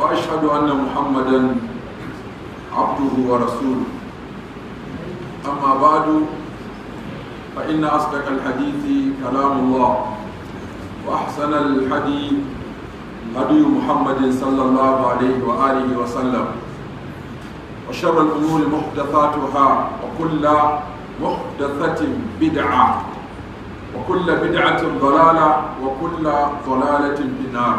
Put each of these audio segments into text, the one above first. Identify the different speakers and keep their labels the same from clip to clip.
Speaker 1: وأشهد أن محمدا عبده ورسوله أما بعد فإن أصدق الحديث كلام الله وأحسن الحديث هدي محمد صلى الله عليه وآله وسلم وشر الأمور محدثاتها وكل محدثة بدعة وكل بدعة ضلالة وكل ضلالة في النار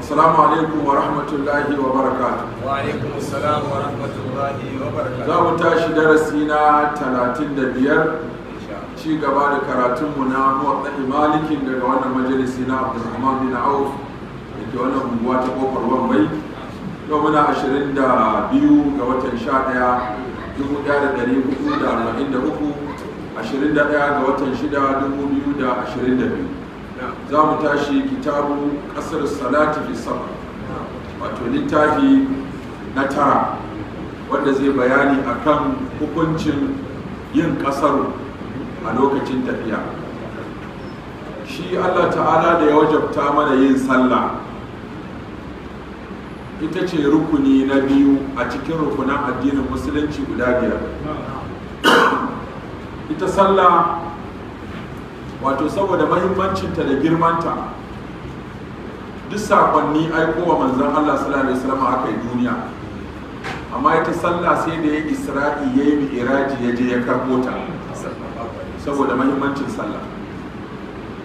Speaker 1: assalamu alaikum wa rahmatullahi wa barakatu wa
Speaker 2: alaikum assalam wa rahmatullahi wa barakatu za mu tashi
Speaker 1: darasi na talatin da biyar ci gaba da karatunmu na muwaɗaɗi malikin daga wannan majalisi na abdulrahman bin auf da ke wannan unguwa ta ƙofar wambai yau muna ashirin da biyu ga watan sha ɗaya dubu ɗaya da ɗari hudu da arba'in da uku ashirin da ɗaya ga watan shida dubu biyu da ashirin da biyu za mu tashi kitabu kasar salati fi sama wato littafi na tara wanda zai bayani akan hukuncin yin kasar a lokacin tafiya shi allah ta'ala da ya wajabta mana yin sallah ita ce rukuni na biyu a cikin rukunan addinin musulunci guda biyar ita sallah wato saboda mahimmancinta da girmanta duk sakonni aiko wa manzan Allah sallallahu alaihi wasallam aka yi duniya amma ita sallah sai da ya isra'i ya yi mi'iraji ya je ya karbo ta saboda mahimmancin sallah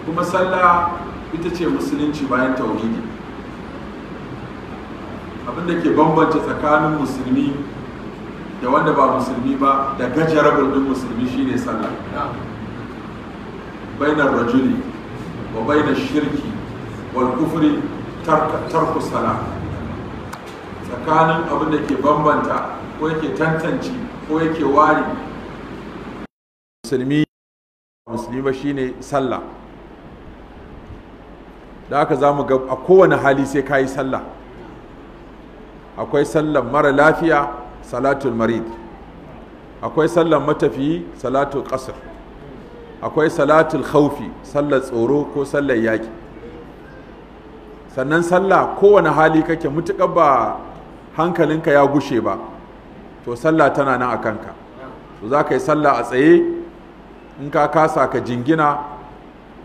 Speaker 1: kuma sallah ita ce musulunci bayan tauhidi abinda ke bambanta tsakanin musulmi da wanda ba musulmi ba da gajarabul din musulmi shine sallah bainar rajuli wa الشرك shirki wal kufri الصلاه sala tsakanin abin da ke bambanta ko كو tantance ko مسلمي wari musulmi musulmi ba shine sallah da aka zamu ga a kowane hali sai ka yi sallah akwai sallah mara lafiya salatul marid akwai sallah matafi salatul qasr akwai salatul khaufi sallar tsoro ko sallar yaƙi sannan sallah kowane hali kake mutuƙar ba hankalinka ya gushe ba to sallah tana nan a kanka to za ka yi sallah a tsaye in ka kasa ka jingina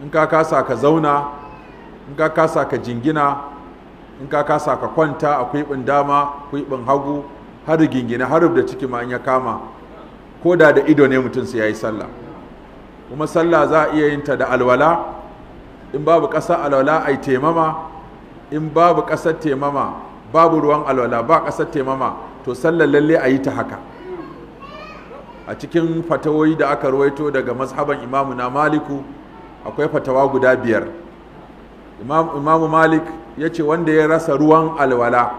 Speaker 1: in ka kasa ka zauna in ka kasa ka jingina in ka kasa ka kwanta a kwiɓin dama kwiɓin hagu har gingina har da ciki ma in ya kama ko da da ido ne mutum sai ya yi sallah kuma sallah za a iya yin ta da alwala in babu ƙasar alwala ai temama in babu ƙasar temama babu ruwan alwala ba ƙasar temama to sallar lalle a yi ta haka a cikin fatawoyi da aka ruwaito daga mazhaban imamu na maliku akwai fatawa guda biyar imamu malik ya ce wanda ya rasa ruwan alwala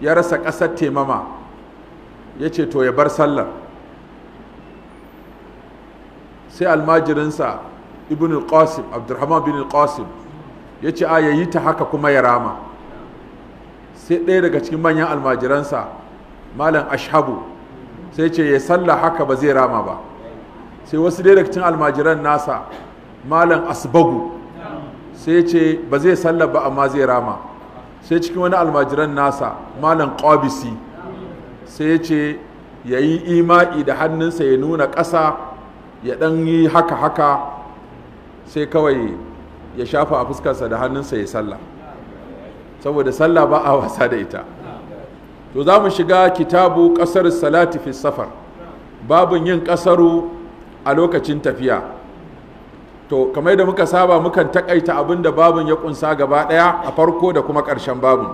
Speaker 1: ya rasa ƙasar temama ya ce to ya bar sallar sai almajirinsa ibn qasim abdurrahman bin qasim ya ce a yayi ta haka kuma ya rama sai ɗaya daga cikin manyan almajiransa malam ashabu sai ce ya salla haka ba zai rama ba sai wasu ɗaya daga cikin almajiran nasa malam asbagu sai ce ba zai salla ba amma zai rama sai cikin wani almajiran nasa malam qabisi sai ce ya yi ima'i da hannunsa ya nuna ƙasa ya ɗan yi haka haka sai kawai ya shafa a fuskarsa da hannunsa ya sallah saboda sallah ba a wasa da ita to za mu shiga kitabu ƙasar salati fi safar babin yin ƙasaru a lokacin tafiya to kamar da muka saba mukan takaita abin da babin ya kunsa gaba ɗaya a farko da kuma ƙarshen babin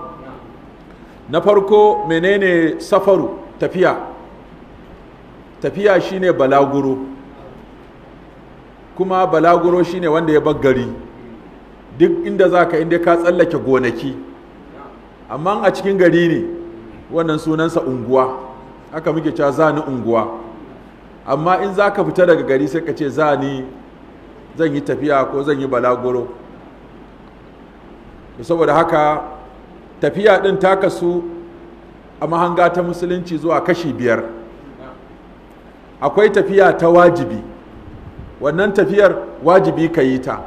Speaker 1: na farko menene safaru tafiya tafiya shine balaguro kuma balaguro shine wanda ya bar gari duk inda za ka inda ka tsallake gonaki amma a cikin gari ne wannan sunansa unguwa aka muke cewa zani unguwa amma in za ka fita daga gari sai ka ce zani zan yi tafiya ko zan yi balaguro saboda haka tafiya ɗin ta kasu a mahanga ta musulunci zuwa kashi biyar akwai tafiya ta wajibi wannan tafiyar wajibi ka yi ta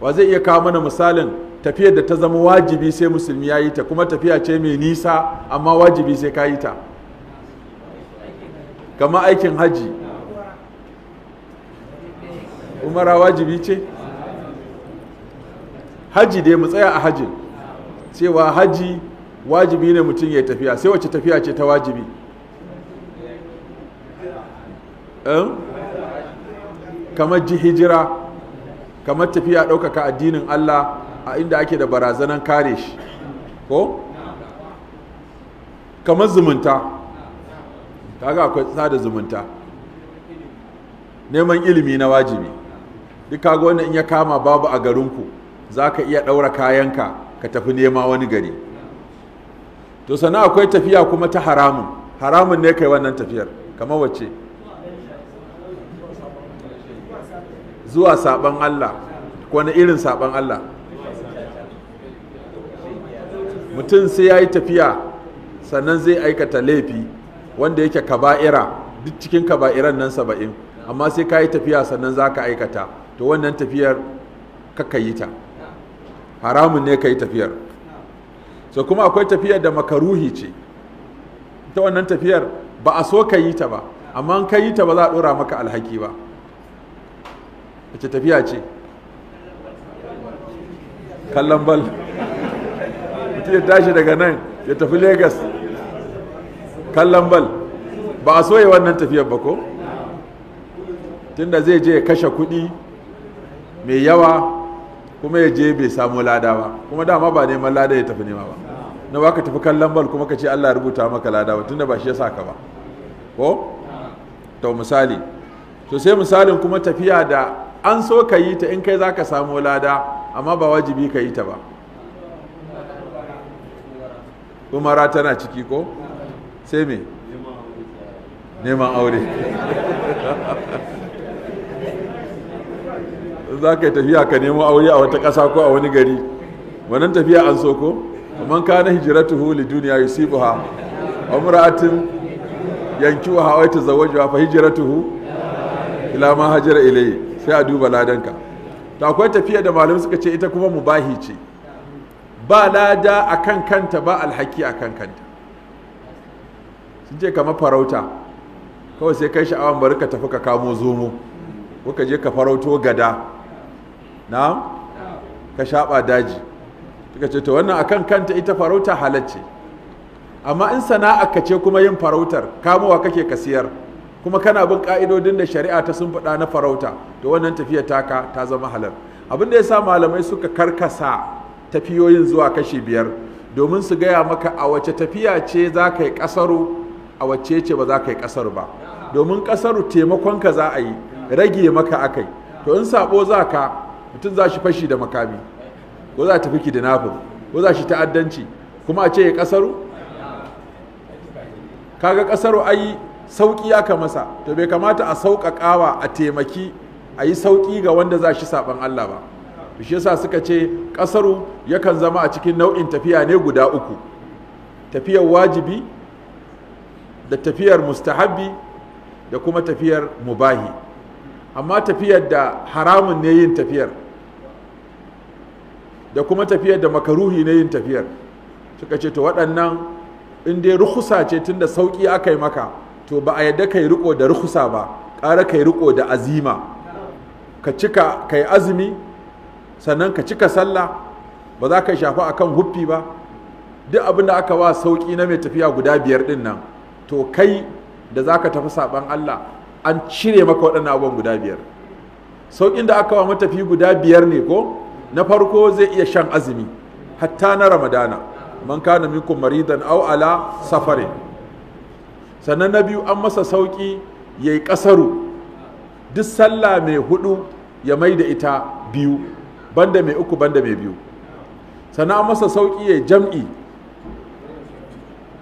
Speaker 1: wa zai iya kawo mana misalin tafiyar da ta zama wajibi sai musulmi ya yi ta kuma tafiya ce mai nisa amma wajibi sai ka yi ta kama aikin haji umara wajibi ce haji dai mu tsaya a hajin cewa haji wajibi ne mutum ya tafiya sai wacce tafiya ce ta wajibi kamar ji hijira kamar tafiya ɗaukaka addinin Allah a inda ake da barazanan kare shi ko kamar zumunta kaga akwai sada zumunta neman ilimi na wajibi duk kaga wannan in ya kama babu a garinku za ka iya ɗaura kayanka ka tafi nema wani gari to sana akwai tafiya kuma ta haramun haramun ne kai wannan tafiyar kamar wacce zuwa saban Allah wani irin saban Allah mutum sai ya yi tafiya sannan zai aikata laifi wanda yake kaba'ira duk cikin kaba'iran nan saba'in amma sai ka yi tafiya sannan za ka aikata to wannan tafiyar ka yi ta haramun ne ka yi tafiyar so kuma akwai tafiyar da makaruhi ce ta wannan tafiyar ba a so ka yi ta ba amma ka yi ta ba za a ɗora maka alhaki ba ce tafiya ce kallon bal mutum ya tashi daga nan ya tafi Legas kallon bal ba a soye wannan tafiyar ba ko tunda zai je ya kashe kuɗi mai yawa kuma ya je bai samu lada ba kuma dama ba neman lada ya tafi nema ba na ba ka tafi kallon bal kuma ka ce Allah rubuta maka lada ba tunda ba shi ya sa ka ba ko to misali to sai misalin kuma tafiya da an so ka yi ta in kai za ka samu lada amma ba wajibi ka yi ta ba umara tana ciki ko sai me neman aure za ka yi tafiya ka nemo aure a wata ƙasa ko a wani gari wannan tafiya an so ko man na hijratuhu li duniya yusibuha umra'atin yankiwa hawaita tazawwajuha fa hijratuhu ila ma hajara ilayhi sai a duba ladanka to akwai tafiya da malamai suka ce ita kuma mubahi ce ba lada a kan kanta ba alhaki a kan kanta sun ce kama farauta kawai sai kai sha'awan bari ka tafi ka kamo zomo ko ka je ka farauto gada na ka shaɓa daji suka ce to wannan akan kanta ita farauta halacce amma in sana'a ka ce kuma yin farautar kamowa kake ka siyar kuma kana bin ka'idodin da shari'a ta sun faɗa na farauta to wannan tafiya taka ta zama halal abin da ya sa malamai suka karkasa tafiyoyin zuwa kashi biyar domin su gaya maka a wace tafiya ce za ka yi ƙasaru a wace ce ba za ka yi ƙasaru ba domin ƙasaru taimakonka za a yi rage maka akai to in saɓo za ka mutum za shi fashi da makami ko za tafi kidnapping ko za shi ta'addanci kuma a ce ya ƙasaru kaga ƙasaru ayi sauƙi aka masa to bai kamata a sauƙaƙawa a taimaki a yi sauƙi ga wanda za shi saɓan Allah ba shi yasa suka ce ƙasaru yakan zama a cikin nau'in tafiya ne guda uku tafiyar wajibi da tafiyar mustahabbi da kuma tafiyar mubahi amma tafiyar da haramun ne yin tafiyar da kuma tafiyar da makaruhi ne yin tafiyar suka ce to waɗannan in dai rukusa ce tunda sauƙi aka yi maka to ba a yadda kai riko da rukusa ba ƙara kai riko da azima ka cika kai azumi sannan ka cika sallah ba za ka shafa akan huffi ba duk abin da aka ba sauƙi na mai tafiya guda biyar din nan to kai da za ka tafi saɓan Allah an cire maka waɗannan abubuwan guda biyar sauƙin da aka wa matafi guda biyar ne ko na farko zai iya shan azumi hatta na ramadana man kana minkum maridan aw ala safarin sannan na biyu an masa sauƙi ya yi ƙasaru duk sallah mai hudu ya mai da ita biyu banda mai uku banda mai biyu sannan an masa sauƙi ya yi jam'i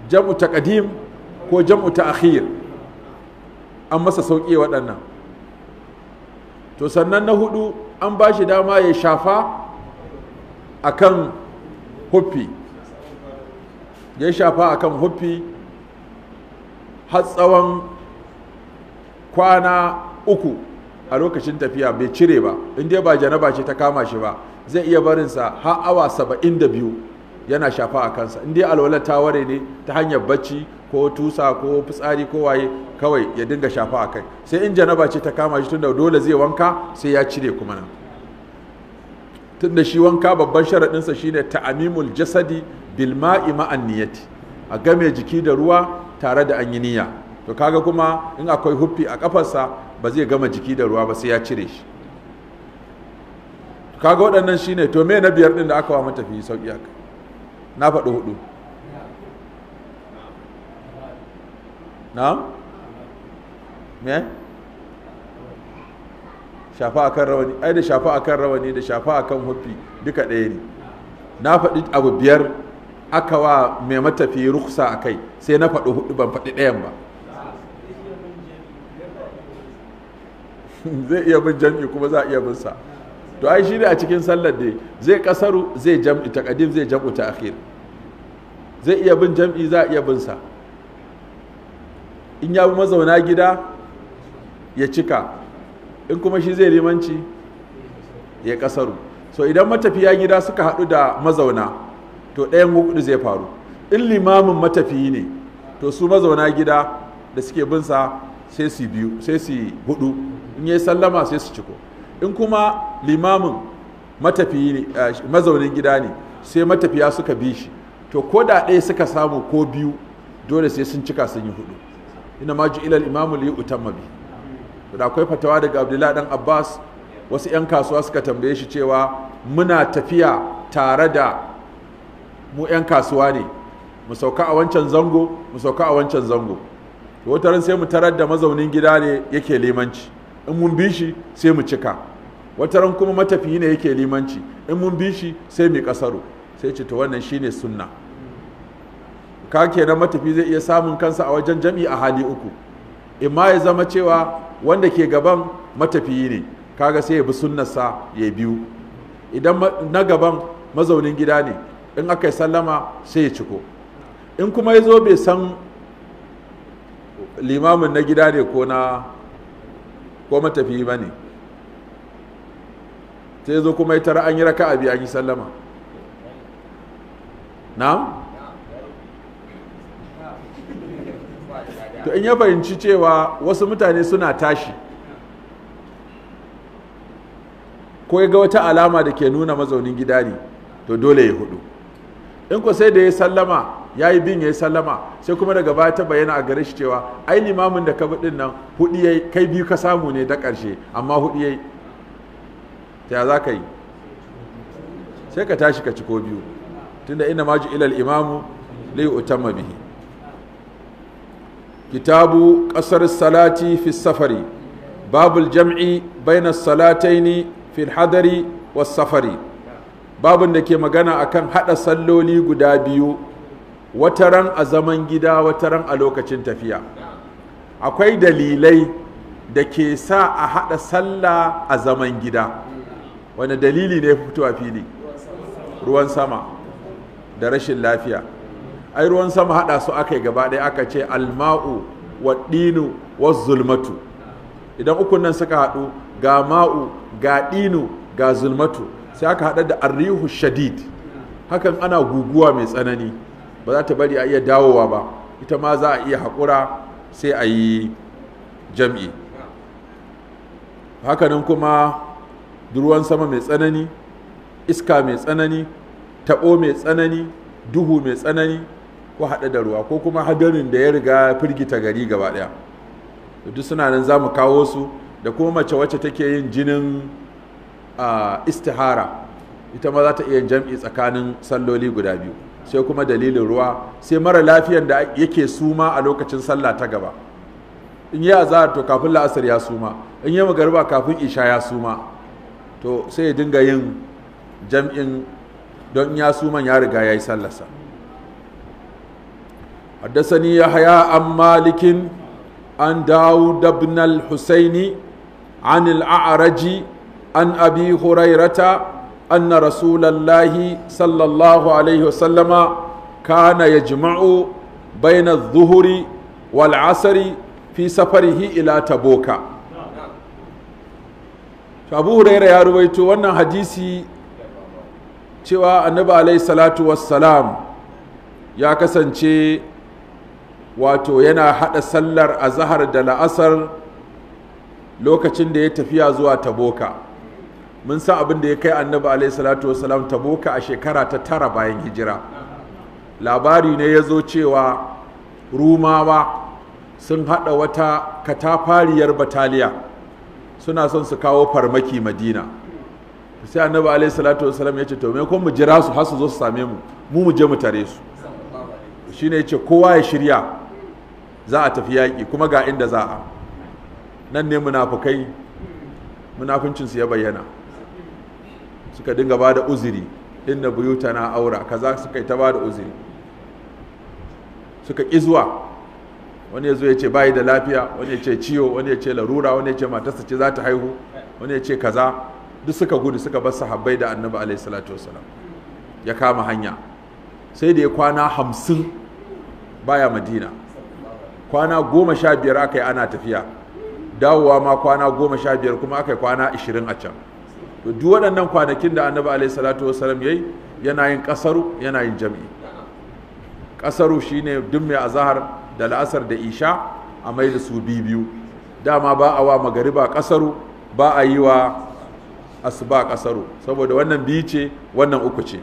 Speaker 1: jam'u ta ƙadim ko jam'u ta akhir an masa sauƙi waɗannan to sannan na hudu an ba shi dama ya shafa a kan huffi ya shafa a kan huffi har tsawon kwana uku a lokacin tafiya bai cire ba inda ba janaba ce ta kama shi ba zai iya barinsa har awa saba'in da biyu yana shafa a kansa inda alwala ta ware ne ta hanyar bacci ko tusa ko fitsari ko waye kawai ya dinga shafa a kai sai in janaba ce ta kama shi tunda dole zai wanka sai ya cire kuma nan tunda shi wanka babban sharaɗinsa shine ta'amimul jasadi bilma'i ma'i ma'an niyati a game jiki da ruwa tare da an yi niyya to kaga kuma in akwai huffi a kafarsa ba zai gama jiki da ruwa ba sai ya cire shi kaga waɗannan shine to me na biyar din da aka wa matafiyi sauki aka na faɗi hudu na'am me shafa kan rawani ai da shafa kan rawani da shafa kan huffi duka ɗaya ne na faɗi abu biyar aka wa mai matafi ruksa a kai sai na faɗi hudu ban faɗi ɗayan ba zai iya bin jam'i kuma za a iya bin sa to ai shi ne a cikin sallar da zai kasaru zai jam'i ta kadim zai jam'u ta akhir zai iya bin jam'i za a iya bin sa in ya bi mazauna gida ya cika in kuma shi zai limanci ya kasaru so idan matafiya gida suka haɗu da mazauna to ɗayan hudu zai faru in limamin matafiyi ne to su mazauna gida da suke bin sa sai su biyu sai su hudu in yi sallama sai su ciko in kuma limamin matafiyi ne eh, mazaunin gida ne sai matafiya suka bi shi to ko da ɗaya suka samu ko biyu dole sai sun cika sun yi hudu ina ma ji ilal imamu li utamma bi da akwai fatawa daga abdullahi dan abbas wasu 'yan kasuwa suka tambaye shi cewa muna tafiya tare da mu 'yan kasuwa ne mu sauka a wancan zango mu sauka a wancan zango wata sai mu tarar da mazaunin gida ne yake limanci in mun bi shi sai mu cika wata kuma matafiyi ne yake limanci in mun bi shi sai mu kasaro sai ce to wannan shine sunna ka kenan matafi zai iya samun kansa a wajen jam'i a hali uku imma ya zama cewa wanda ke gaban matafiyi ne kaga sai ya bi sunnarsa ya biyu idan na gaban mazaunin gida ne in aka yi sallama sai ya ciko in kuma ya zo bai san limamin na gida ne ko na ko matafi ba ne sai zo kuma ya tara an yi raka abi an yi sallama na to in ya fahimci cewa wasu mutane suna tashi ko ya ga wata alama da ke nuna mazaunin gida ne to dole ya hudu in ko sai da ya sallama ya yi bin ya yi sallama sai kuma daga baya ta bayyana a gare shi cewa ai limamin da ka bi din nan hudu yayi kai biyu ka samu ne da karshe amma hudu yayi ta za ka yi sai ka tashi ka ci ko biyu tunda ina maji ilal imamu li utamma bihi kitabu qasar salati fi safari babul jam'i bayna salataini fi hadari wa safari babin da ke magana akan haɗa salloli guda biyu wata ran a zaman gida wata ran a lokacin tafiya akwai dalilai da ke sa a haɗa sallah a zaman gida wani dalili ne fitowa fili ruwan sama da rashin lafiya ai ruwan sama haɗa su aka yi gaba ɗaya aka ce alma'u wa ɗinu wa zulmatu idan ukun nan suka haɗu ga ma'u ga ɗinu ga zulmatu sai aka hada da arrihu shadid hakan ana guguwa mai tsanani ba za ta bari a iya dawowa ba ita ma za a iya haƙura sai a yi jam'i hakanan kuma ruwan sama mai tsanani iska mai tsanani taɓo mai tsanani duhu mai tsanani ko haɗa da ruwa ko kuma hadarin da ya riga firgita gari gaba ɗaya duk suna nan za mu kawo su da kuma mace wacce take yin jinin istihara ita ma za ta iya jam'i tsakanin salloli guda biyu sai kuma dalilin ruwa sai mara lafiyan da yake suma a lokacin sallah ta gaba in yi azahar to kafin la'asar ya suma in yi magariba kafin isha ya suma to sai ya dinga yin jam'in don ya suman ya riga ya yi sallasa. sallarsa ya haya an malikin an dawo dabnal husaini عن الأعرج an abi hurairata anna rasulallahi sallallahu alaihi wasallama kana yajma'u baina adh-dhuhri wal 'asri fi safarihi ila taboka abu huraira ya rubaito wannan hadisi cewa annabi alaihi salatu wassalam ya kasance wato yana haɗa sallar azahar da la'asar lokacin da ya tafiya zuwa taboka mun san abin da ya kai annabi alaihi salatu wasalam a shekara ta tara bayan hijira labari ne ya zo cewa rumawa sun haɗa wata katafariyar bataliya suna son su kawo farmaki madina sai annabi alaihi salatu wasalam ya ce to me kun mu jira su har su zo su same mu mu mu je mu tare su shine ce kowa ya shirya za a tafi yaƙi kuma ga inda za a nan ne munafukai munafuncinsu ya bayyana suka dinga ba da uzuri inna buyuta na aura kaza suka yi ta ba da uzuri suka ƙi zuwa wani ya zo ya ce bayi da lafiya wani ya ce ciwo wani ya ce larura wani ya ce matarsa ce za ta haihu wani ya ce kaza duk suka gudu suka bar sahabbai da annabi alaihi salatu wasalam ya kama hanya sai da ya kwana hamsin baya madina kwana goma sha biyar aka yi ana tafiya dawowa ma kwana goma sha biyar kuma aka yi kwana ashirin a can to duk waɗannan kwanakin da annabi alaihi salatu ya yayi yana yin kasaru yana yin jami'i kasaru shine duk mai azahar da la'asar da isha a mai da su biyu dama ba a wa magari ba kasaru ba a yi wa asuba kasaru saboda wannan biyu ce wannan uku ce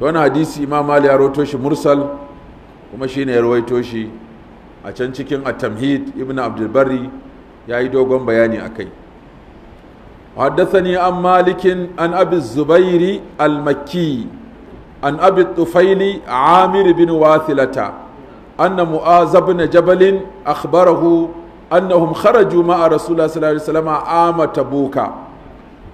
Speaker 1: wani hadisi imam mali ya roto shi mursal kuma shine ya rawaito shi a can cikin at-tamhid ibnu abdul barri Yayi dogon bayani a kai حدثني عن مالك عن أبي الزبير المكي عن wasilata الطفيل عامر بن واثلة أن معاذ بن جبل خرجوا مع رسول الله صلى الله عليه وسلم عام تبوك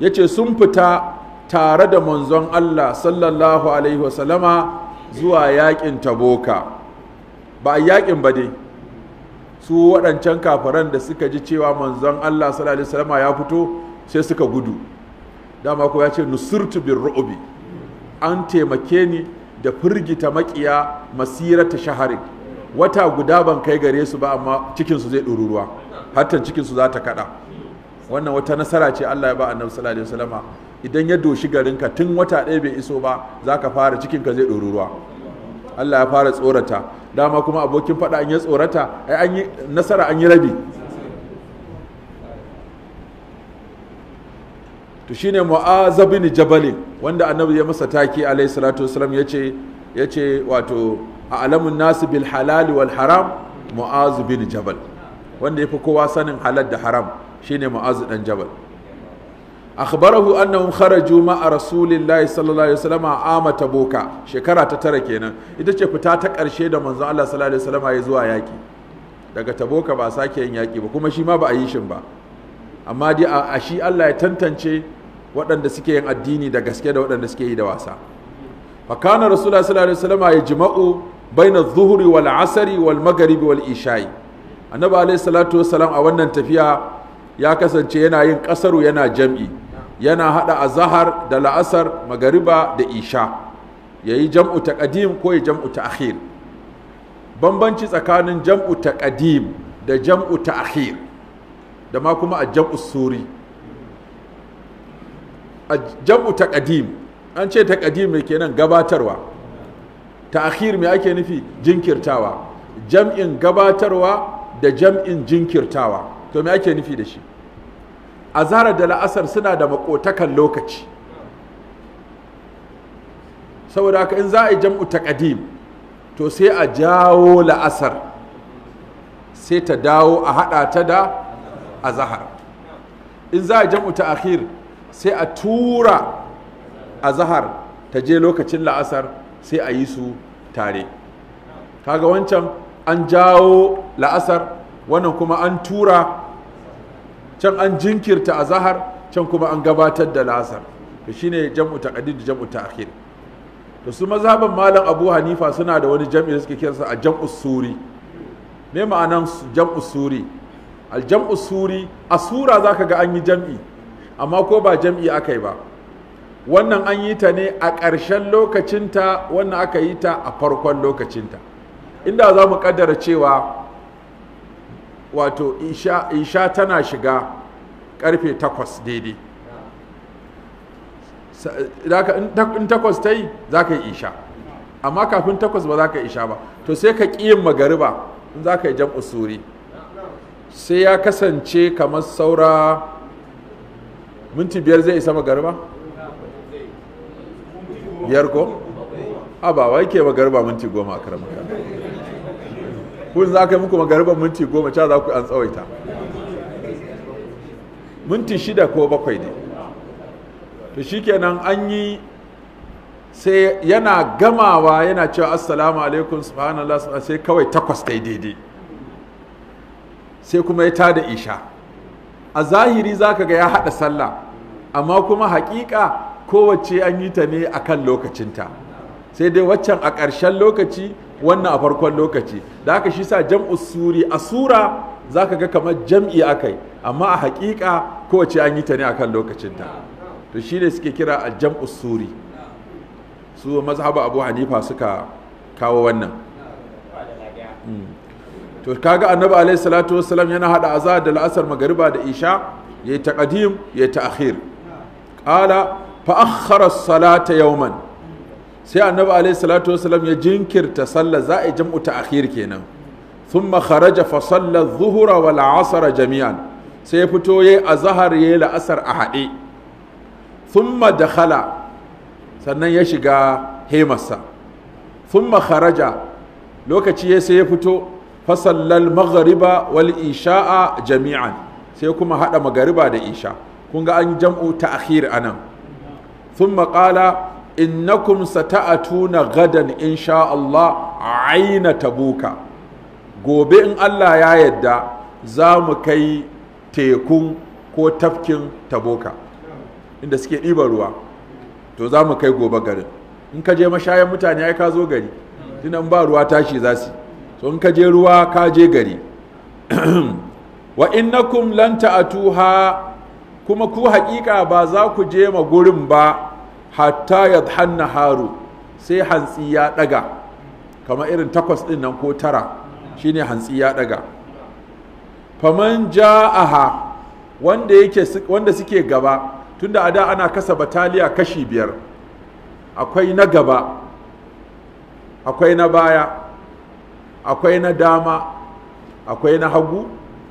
Speaker 1: yace sun fita tare da manzon Allah sallallahu alaihi wasallama zuwa yakin taboka ba yakin ba dai su waɗancan kafaran da suka ji cewa manzon Allah sallallahu alaihi ya fito sai suka gudu dama ko ya ce nusurtu bin ru'ubi an taimake ni da firgita makiya masirata shahari wata guda ban kai gare su ba amma cikinsu zai ɗururuwa hatta cikinsu za ta kaɗa wannan wata nasara ce Allah ya ba annabi sallallahu alaihi wasallam idan ya doshi garinka tun wata ɗaya bai iso ba zaka ka fara cikinka zai ɗururuwa Allah ya fara tsorata dama kuma abokin faɗa an yi tsorata ai an yi nasara an yi rabi to shine mu'az bin jabal wanda annabi ya masa taki alayhi salatu wasalam yace yace wato a'lamun nas bil halal wal haram mu'az bin jabal wanda yafi kowa sanin halal da haram shine mu'az dan jabal akhbarahu annahum kharaju ma'a rasulillahi sallallahu alaihi wasallam ama tabuka shekara ta tara kenan ita ce fita ta karshe da manzon Allah sallallahu alaihi wasallam ya zuwa yaki daga taboka ba sake yin yaki ba kuma shi ma ba a yi shin ba amma dai a shi Allah ya tantance waɗanda suke yin addini da gaske da waɗanda suke yi da wasa fa kana rasulullahi sallallahu alaihi wasallam ya jima'u baina adh-dhuhri wal 'asri wal maghribi wal isha'i annabi alaihi salatu wasalam a wannan tafiya ya kasance yana yin kasaru yana jam'i yana hada azahar da la'asar magariba da isha yayi jam'u taqdim ko ya jam'u akhir bambanci tsakanin jam'u ta ƙadim da jam'u akhir da ma kuma a jam'u suri a jam'u ta ƙadim an ce ta taqdim mai kenan gabatarwa akhir me ake nufi jinkirtawa jam'in gabatarwa da jam'in jinkirtawa to me ake nufi da shi Azara da la'asar suna da makotakan lokaci saboda haka in za a yi jam'u ta kadim to sai a jawo la'asar sai ta dawo a hada ta da azahar. in za a jam'u ta akhir sai a tura azahar ta je lokacin la'asar sai a yi su tare kaga wancan an jawo la'asar wannan kuma an tura can an jinkirta a zahar can kuma an gabatar da la'asar to shine jam'u taqdim da jam'u ta'khir to su mazhaban malam abu hanifa suna da wani jam'i da suke kiransa a jam'u suri me ma'anan jam'u suri al jam'u suri a sura zaka ga an yi jam'i amma ko ba jam'i aka yi ba wannan an yi ta ne a ƙarshen lokacinta wannan aka yi ta a farkon lokacinta inda za mu ƙaddara cewa wato isha, isha tana shiga karfe takwas daidai in takwas ta yi za ka yi isha amma kafin takwas ba za ka yi isha ba to sai ka ƙi yin magariba in za ka yi jam'u suri sai ya kasance kamar saura minti biyar zai isa magariba biyar ko? a ba wai ke magariba minti goma a karamaka kun za ka yi muku magariban minti goma cewa za ku an tsawaita minti shida ko bakwai ne to shikenan an yi sai yana gamawa yana cewa assalamu alaikum subhanallah sai kawai takwas ta daidai sai kuma ya ta da isha a zahiri zaka ga ya haɗa sallah amma kuma haƙiƙa kowace an yi ta ne a kan lokacinta sai dai waccan a ƙarshen lokaci wannan a farkon lokaci da aka shi sa jam'u suri a sura za ka ga kamar jam'i akai amma a haƙiƙa kowace an yi ta ne akan lokacinta to shi ne suke kira a jam'u suri su mazhaba abu hanifa suka kawo wannan hmm. to kaga annabi alaihi salatu wassalam yana hada azhar da la'asar magariba da isha yayi taqdim yayi ta'khir qala fa akhkhara as-salata yawman sai annabi alaihi salatu wasalam ya jinkirta sallar za a yi jam'u kenan sun kharaja fa salla zuhura wal asra jami'an sai ya fito yayi ya yayi la'asar a haɗe thumma dakhala sannan ya shiga hemarsa sun kharaja lokaci ya sai ya fito fa sallal maghriba wal isha'a jami'an sai kuma hada magariba da isha kun ga an jam'u ta ta'khir anan sun qala innakum sata'atuna gadan insha Allah aina tabuka gobe in Allah ya yadda za mu kai tekun ko tafkin tabuka inda suke ɗiban ruwa to za mu kai gobe garin in ka je mashayan mutane ai ka zo gari tunan ba ruwa tashi za su so in ka je ruwa ka je gari wa innakum lan ta'atuha kuma ku haƙiƙa ba za ku je ma gurin ba hatta ya hanna haru sai hantsi ya daga kamar irin takwas din nan ko tara shine hantsi ya daga faman ja'aha wanda yake wanda suke gaba tunda a da ana kasa bataliya kashi biyar akwai na gaba akwai na baya akwai na dama akwai na hagu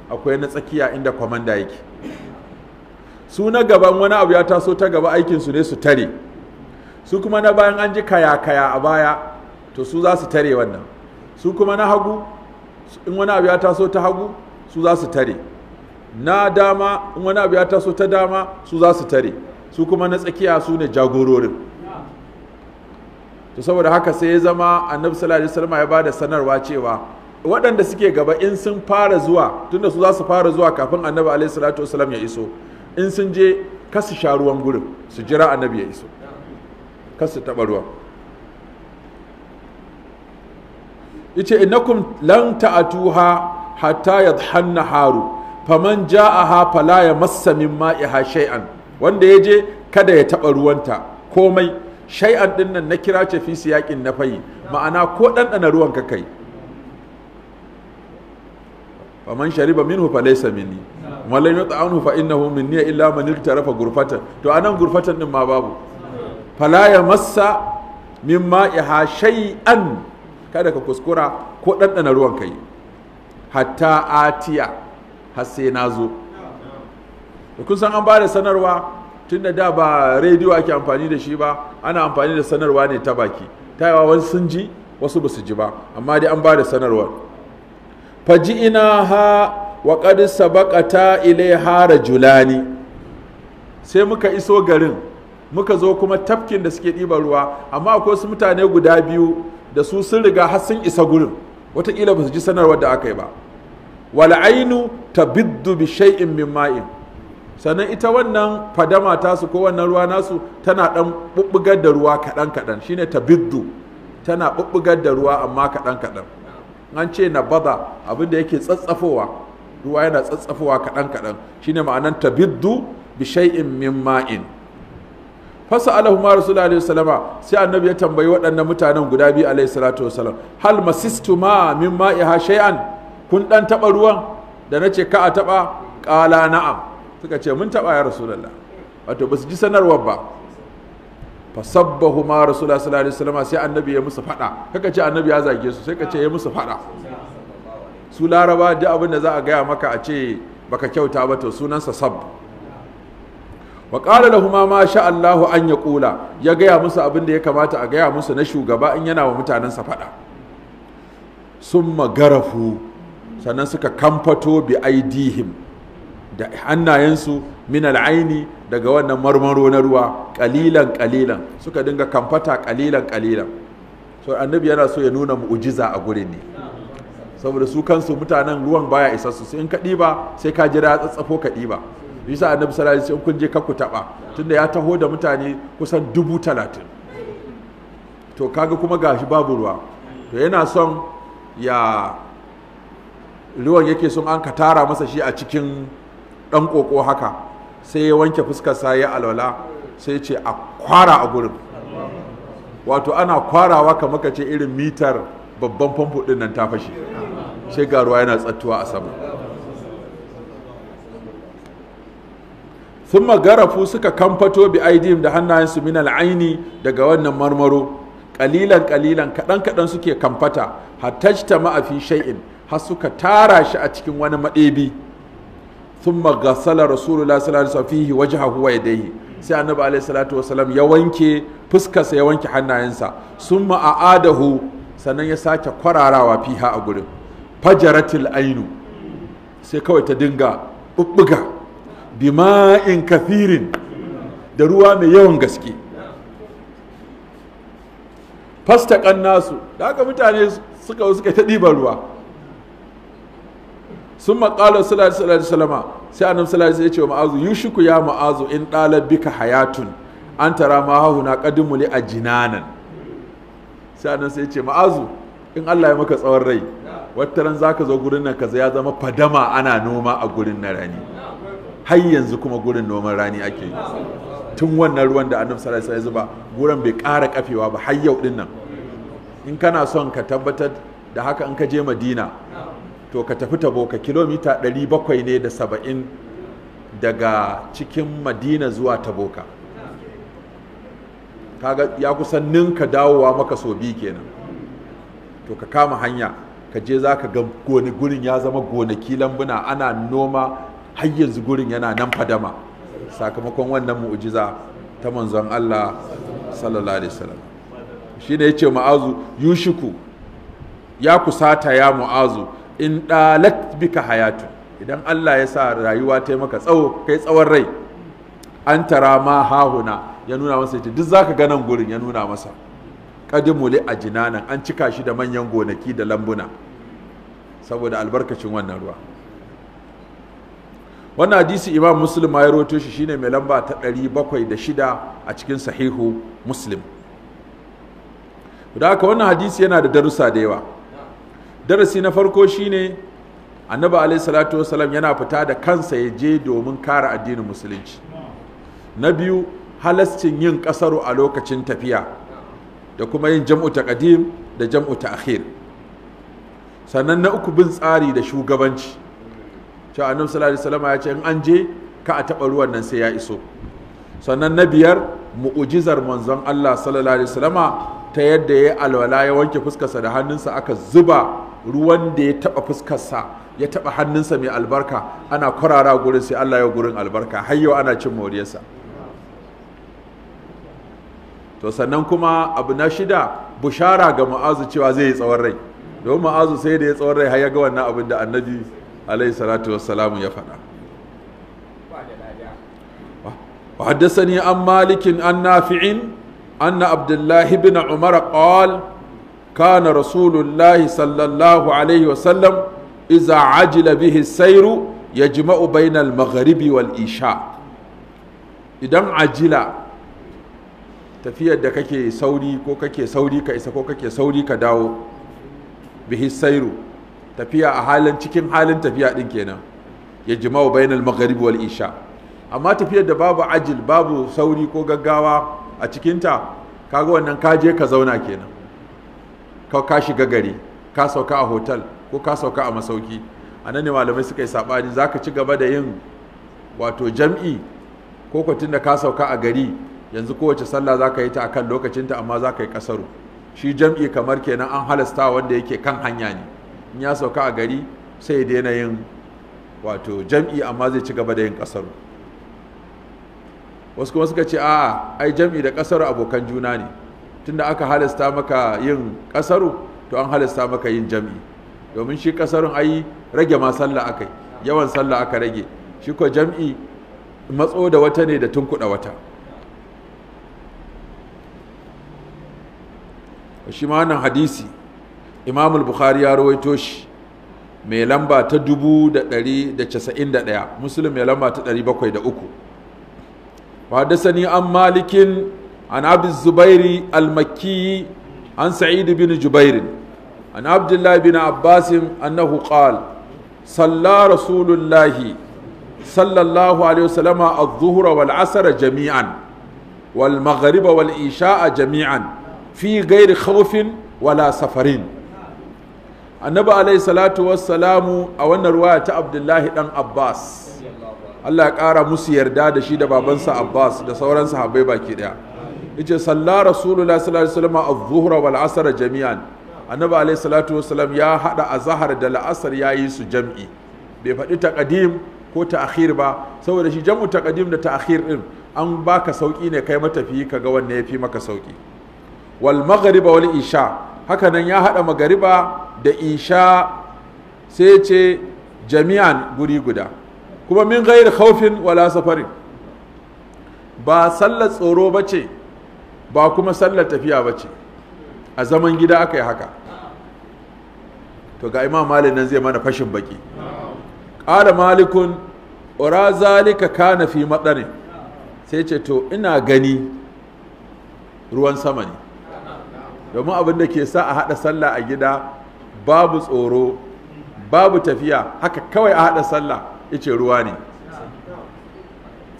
Speaker 1: akwai na tsakiya inda kwamanda yake su na gaban wani abu ya taso ta gaba aikinsu ne su tare su kuma na bayan an ji kaya-kaya a baya to su za su tare wannan su kuma na hagu in wani abu ya taso ta hagu su za su tare na dama in wani abu ya taso ta dama su za su tare su kuma na tsakiya su ne jagororin to saboda haka sai ya zama annabi sallallahu alaihi wasallam ya bada sanarwa cewa waɗanda suke gaba in sun fara zuwa tunda su za su fara zuwa kafin annabi alaihi salatu wasallam ya iso in sun je kasu sha ruwan gurin su jira annabi ya iso kar su taɓa ruwan yace innakum lan ta'atuha hatta yadhanna haru faman ja'aha fala yamassa min ma'iha shay'an wanda ya je kada ya taɓa ruwanta komai shay'an din nan na kira ce fi siyakin na fayi ma'ana ko ɗanɗana ruwan ka kai faman shariba minhu falaysa minni wa lam yut'anhu fa innahu minni illa man irtarafa gurfatan to anan gurfatan din ma babu fala ya masa min ma'iha shay'an kada ka kuskura ko ɗanɗana ruwan kai hatta atiya har sai na zo kun san an ba da sanarwa tun da ba rediyo ake amfani da shi ba ana amfani da sanarwa ne ta baki tayawa wani sun ji wasu ba su ji ba amma dai an ba da sanarwar ina ha wa qad sabaqata ilaiha rajulani sai muka iso garin muka zo kuma tafkin da suke ɗiba ruwa amma akwai wasu mutane guda biyu da su sun riga har sun isa gurin wataƙila ba su ji sanarwar da aka yi ba Wal'ainu ainu biddu bi shay'in min ma'in sannan ita wannan fadama tasu ko wannan ruwa nasu tana ɗan bubbugar da ruwa kaɗan kaɗan shine biddu tana bubbugar da ruwa amma kaɗan kaɗan an ce na bada abin da yake tsatsafowa ruwa yana tsatsafowa kaɗan kaɗan shine ma'anan biddu bi shay'in min ma'in fasa ma rasulullahi alaihi salama sai annabi ya tambayi waɗannan mutanen guda biyu alaihi salatu wasalam hal ma min iha shay'an kun dan taba ruwan da na ce ka a taba ƙala na'am suka ce mun taba ya rasulullah wato basu ji sanarwar ba ma rasulullah sallallahu alaihi wasallam sai annabi ya musu fada kaka ce annabi ya zage su sai kace ce ya musu fada su laraba duk abin da za a gaya maka a ce baka kyauta ba to sunansa sabb wa da kuma ma sha Allahu an ƙula ya gaya musu abin da ya kamata a gaya musu na shugaba in yana wa mutanensa faɗa sun magarafu sannan suka kamfato bi aidihim da hannayensu min al'aini daga wannan marmaro na ruwa ƙalilan kalilan suka dinga kamfata kalilan kalilan so annabi yana so ya nuna mu'ujiza a gurin ne saboda su kansu mutanen ruwan baya isa su in ka ɗiba sai ka jira ya tsatsafo ka ɗiba bisa annabi sallallahu alaihi wasallam kun je kakku taba tunda ya taho da mutane kusan dubu talatin to kaga kuma gashi babu ruwa to yana son ya ruwan yake son an ka tara masa shi a cikin dan koko haka sai ya wanke fuskar sa ya alwala sai ce a kwara a gurin wato ana kwarawa kamar ka ce irin mitar babban famfo din nan ta fashe sai ga ruwa yana tsattuwa a sama sun garafu suka kamfato bi aidim da hannayensu min al'aini daga wannan marmaro kalilan kalilan kaɗan kaɗan suke kamfata hatta ma'afi shay'in har suka tara shi a cikin wani maɗebi sun magasala rasulullah sallallahu alaihi fihi hahuwa ya dai sai annabi alaihi salatu wasalam ya wanke fuskarsa ya wanke hannayensa sun ma'adahu sannan ya sake kwararawa fiha a gurin fajaratil ainu sai kawai ta dinga bubbuga bima'in kafirin da ruwa mai yawan gaske fastaƙan nasu da haka mutane suka suka ta ɗiban ruwa sun maƙala Salatu alaihi salama sai annabi Salatu ya ce wa ma'azu yushiku ya ma'azu in ɗalar bika hayatun an tara ma hahuna qadimu li jinanan sai annabi sai ya ce ma'azu in Allah ya maka tsawon rai wataran ka zo gurin nan kaza ya zama fadama ana noma a gurin na rani har yanzu kuma gurin noman rani ake yi tun wannan ruwan da annabi sallallahu alaihi zuba gurin bai ƙara kafewa ba har yau din in kana son ka tabbatar da haka in ka je madina to ka tafi taboka kilomita 700 ne da 70 daga cikin madina zuwa taboka kaga ya kusan ninka dawowa maka so bi kenan to ka kama hanya ka je za ka ga gurin ya zama gonaki lambuna ana noma har yanzu gurin yana nan fadama sakamakon wannan mu'ujiza ta manzon Allah sallallahu alaihi wasallam shine yace mu'azu yushiku ya kusata ya mu'azu in dalat bika hayatu idan Allah ya sa rayuwa ta maka tsawo kai tsawon rai an tara ma hahuna ya nuna masa yace duk zaka ga nan gurin ya nuna masa kadimu li ajinanan an cika shi da manyan gonaki da lambuna saboda albarkacin wannan ruwa wannan hadisi imam muslim ya rawaito shi shine mai lamba ta 706 a cikin sahihu muslim da haka wannan hadisi yana da darussa da yawa darasi na farko shine annabi alaihi salatu wasalam yana fita da kansa ya je domin kare addinin musulunci na biyu halascin yin kasaru a lokacin tafiya da kuma yin jam'u kadim da jam'u ta akhir sannan na uku bin tsari da shugabanci cewa annabi sallallahu alaihi wasallam ya ce in an je ka a taba ruwan nan sai ya iso sannan na biyar mu'ujizar manzon Allah sallallahu alaihi wasallam ta yadda ya alwala ya wanke fuskarsa da hannunsa aka zuba ruwan da ya taɓa fuskarsa ya taba hannunsa mai albarka ana kwarara gurin sai Allah ya gurin albarka har yau ana cin moriyarsa to sannan kuma abu na shida bushara ga ma'azu cewa zai yi tsawon rai don ma'azu sai da ya tsawon rai har ya ga wannan abin da annabi alaihi salatu wassalamu ya faɗa وحدثني عن مالك عن نافع أن عبد الله بن عمر قال كان رسول الله صلى الله عليه وسلم إذا عجل به السير يجمع بين المغرب والإشاء إذا عجل tafiyar da kake sauri ko kake sauri ka isa ko kake sauri ka dawo bihi sairu tafiya a halin cikin halin tafiya din kenan ya jima'u bainal maghrib wal isha amma tafiyar da babu ajil babu sauri ko gaggawa a cikinta kaga wannan ka je ka zauna kenan ka ka shiga gari ka sauka a hotel ko ka sauka a masauki a ne malamai suka yi sabani zaka ci gaba da yin wato jam'i ko ko da ka sauka a gari yanzu kowace sallah zaka yi ta akan lokacin lokacinta amma zaka yi kasaru shi jam'i kamar kenan an halasta wanda yake kan hanya ne in ya sauka a gari sai ya daina yin wato jam'i amma zai ci gaba da yin kasar wasu kuma suka ce a'a ai jam'i da kasar abokan juna ne tunda aka halasta maka yin kasaru to an halasta maka yin jam'i domin shi kasarun ai rage ma sallah akai yawan sallah aka rage shi ko jam'i matso da wata ne da tunkuɗa wata shi ma wannan hadisi Imamul bukhari ya rawaito shi mai lamba ta 1091 muslim mai lamba ta 703 hadathani an malikin an abdul zubairi al-makki an sa'id bin jubair an abdullah bin abbas annahu qala salla rasulullah sallallahu alaihi wasallam adh-dhuhr wal 'asr jami'an wal maghrib wal isha a jami'an fi gairi khawfin wala safarin annabi alayhi salatu wassalamu a wannan ruwaya ta abdullahi dan abbas Allah ya ƙara musu yarda da shi da babansa abbas da sauran sahabbai baki daya yace salla rasulullah sallallahu alaihi wasallam az-zuhra wal asr jami'an annabi alayhi salatu wassalam ya hada azhar da la'asar yayi su jam'i bai faɗi taqdim ko ta'khir ba saboda shi jam'u taqdim da ta'khir din an baka sauki ne kai matafi kaga wanne yafi maka sauki wal maghrib wal isha hakanan ya haɗa magariba da isha sai ce jami'an guri guda kuma min gairi haufin wala safarin ba sallar tsoro ba ce ba kuma sallar tafiya ba ce a zaman gida aka yi haka to ga imam malin nan zai mana fashin baki ƙada malikun ura zalika na fi maɗarin sai ce to ina gani ruwan sama ne domin abin da ke sa a haɗa sallah a gida babu tsoro babu tafiya haka kawai a haɗa sallah ice ruwa ne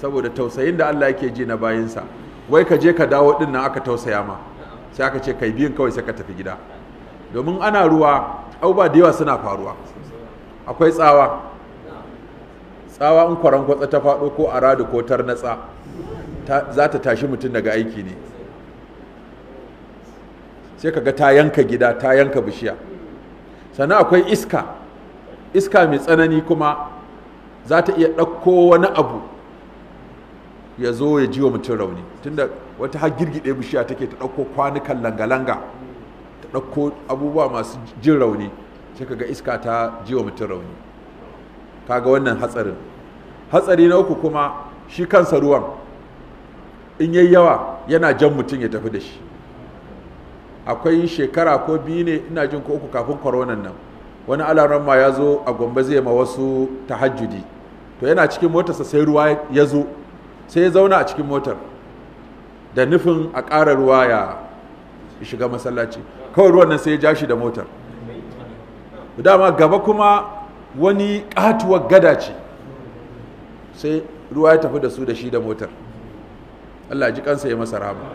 Speaker 1: saboda tausayin da Allah yake ji na bayinsa wai ka je ka dawo ɗin nan aka tausaya ma sai aka ce kai biyun kawai sai ka tafi gida domin ana ruwa abubuwa da yawa suna faruwa akwai tsawa tsawa in kwaran kwatsa ta faɗo ko aradu ko tarnatsa za ta tashi mutum daga aiki ne sai kaga ta yanka gida ta yanka bishiya sannan akwai iska iska mai tsanani kuma za ta iya ɗauko wani abu ya zo ya ji wa mutum rauni tunda wata har girgide bishiya take ta ɗauko kwanukan langa-langa ta ɗauko abubuwa masu jin rauni sai kaga iska ta ji wa mutum rauni kaga wannan hatsarin hatsari na uku kuma shi kansa ruwan in yayi yawa yana jan mutum ya tafi da shi akwai shekara ko biyu ne ina jin ko uku kafin koronan nan wani alaran ma ya zo a gombe zai ma wasu tahajjudi to yana cikin motarsa sai ruwa ya zo sai ya zauna a cikin motar da nufin a ƙara ruwa ya shiga masallaci kawai ruwan nan sai ya ja shi da motar dama gaba kuma wani katuwar gada ce sai ruwa ya tafi da su da shi da motar allah ji kansa ya masa rama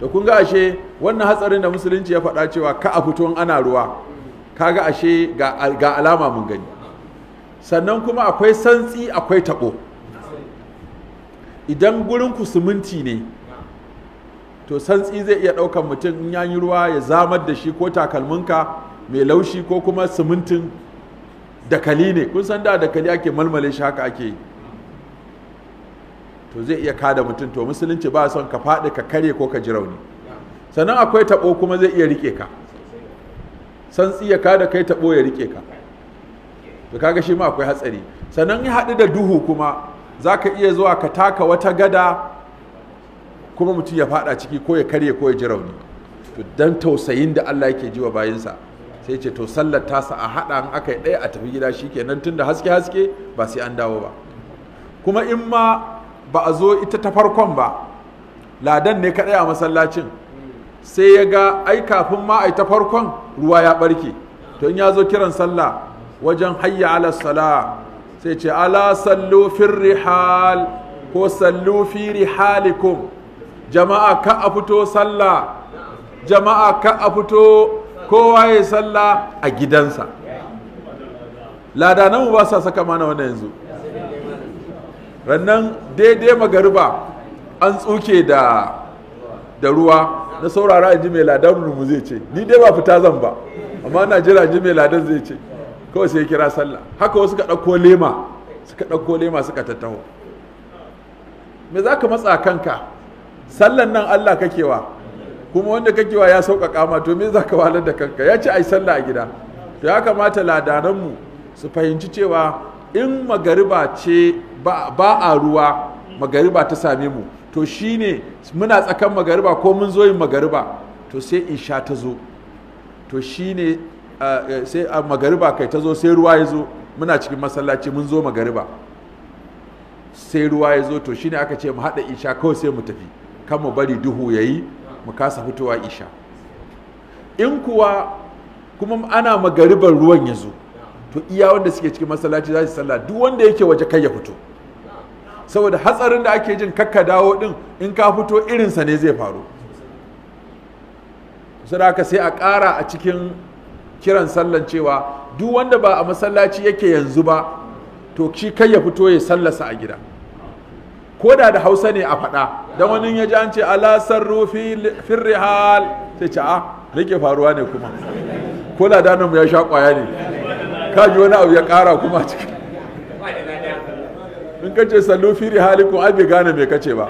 Speaker 1: to kun ga ashe wannan hatsarin da musulunci ya faɗa cewa ka a fito ana ruwa kaga ashe ga alama mun gani sannan kuma akwai santsi akwai taɓo idan gurin ku suminti ne to santsi zai iya ɗaukan mutum in yayi ruwa ya zamar da shi ko takalminka mai laushi ko kuma simintin dakali ne kun san da dakali ake malmale shi haka ake yi to zai iya kada mutum to musulunci ba son ka faɗi ka kare ko ka ji rauni sannan akwai taɓo kuma zai iya rike ka santsi ya kada kai taɓo ya rike ka to kaga shi ma akwai hatsari sannan ya haɗu da duhu kuma za ka iya zuwa ka taka wata gada kuma mutum ya faɗa ciki ko ya karye ko ya ji rauni to dan tausayin da Allah yake ji wa bayinsa sai ce to sallar tasa a haɗa an aka yi ɗaya a tafi gida tun da haske haske ba sai an dawo ba kuma in ma ba a zo ita ta farkon ba ladan ne kaɗai a masallacin sai ya ga ai kafin ma ai ta farkon ruwa ya barke. to in ya zo kiran sallah wajen hayya ala sala sai ce ala sallu rihal ko sallu fi rihalikum jama'a ka a fito sallah jama'a ka a fito kowa ya sallah a gidansa ladananmu ba sa saka mana wannan yanzu rannan daidai magariba an tsuke da ruwa na saurara ji mai ladan mu zai ce ni dai ba fita zan ba amma na jira ji mai ladan zai ce kawai sai kira sallah haka wasu ka ɗauko lema suka ɗauko lema suka tattaho me za ka matsa kanka sallan nan allah kakewa kuma wanda kakewa ya sauƙaƙa ma to me za ka walar da kanka ya ce ai sallah a gida to ya kamata ladananmu su fahimci cewa in magariba ce ba a ruwa magariba ta same mu to shine muna tsakan magariba ko mun zo yin magariba to sai insha ta zo to shine sai magariba kai ta zo sai ruwa ya zo muna cikin masallaci mun zo magariba sai ruwa ya zo to shine aka ce mu haɗa isha kawai sai mu tafi kan mu bari duhu ya yi mu kasa fitowa isha in kuwa kuma ana magariban ruwan ya zo to iya wanda suke cikin masallaci za su sallah duk wanda yake waje kai ya fito saboda hatsarin da ake jin kakka dawo din in ka fito irinsa ne zai faru saboda sai a ƙara a cikin kiran sallan cewa duk wanda ba a masallaci yake yanzu ba to shi kai ya fito ya sallasa a gida ko da da hausa ne a faɗa don wani ya ji an ce ala sarru fil rihal sai ce a ah, rike faruwa ne kuma ko da mu ya sha kwaya ne kaji wani abu ya kara kuma cikin in ka ce sallu firi ai bai gane mai kace ba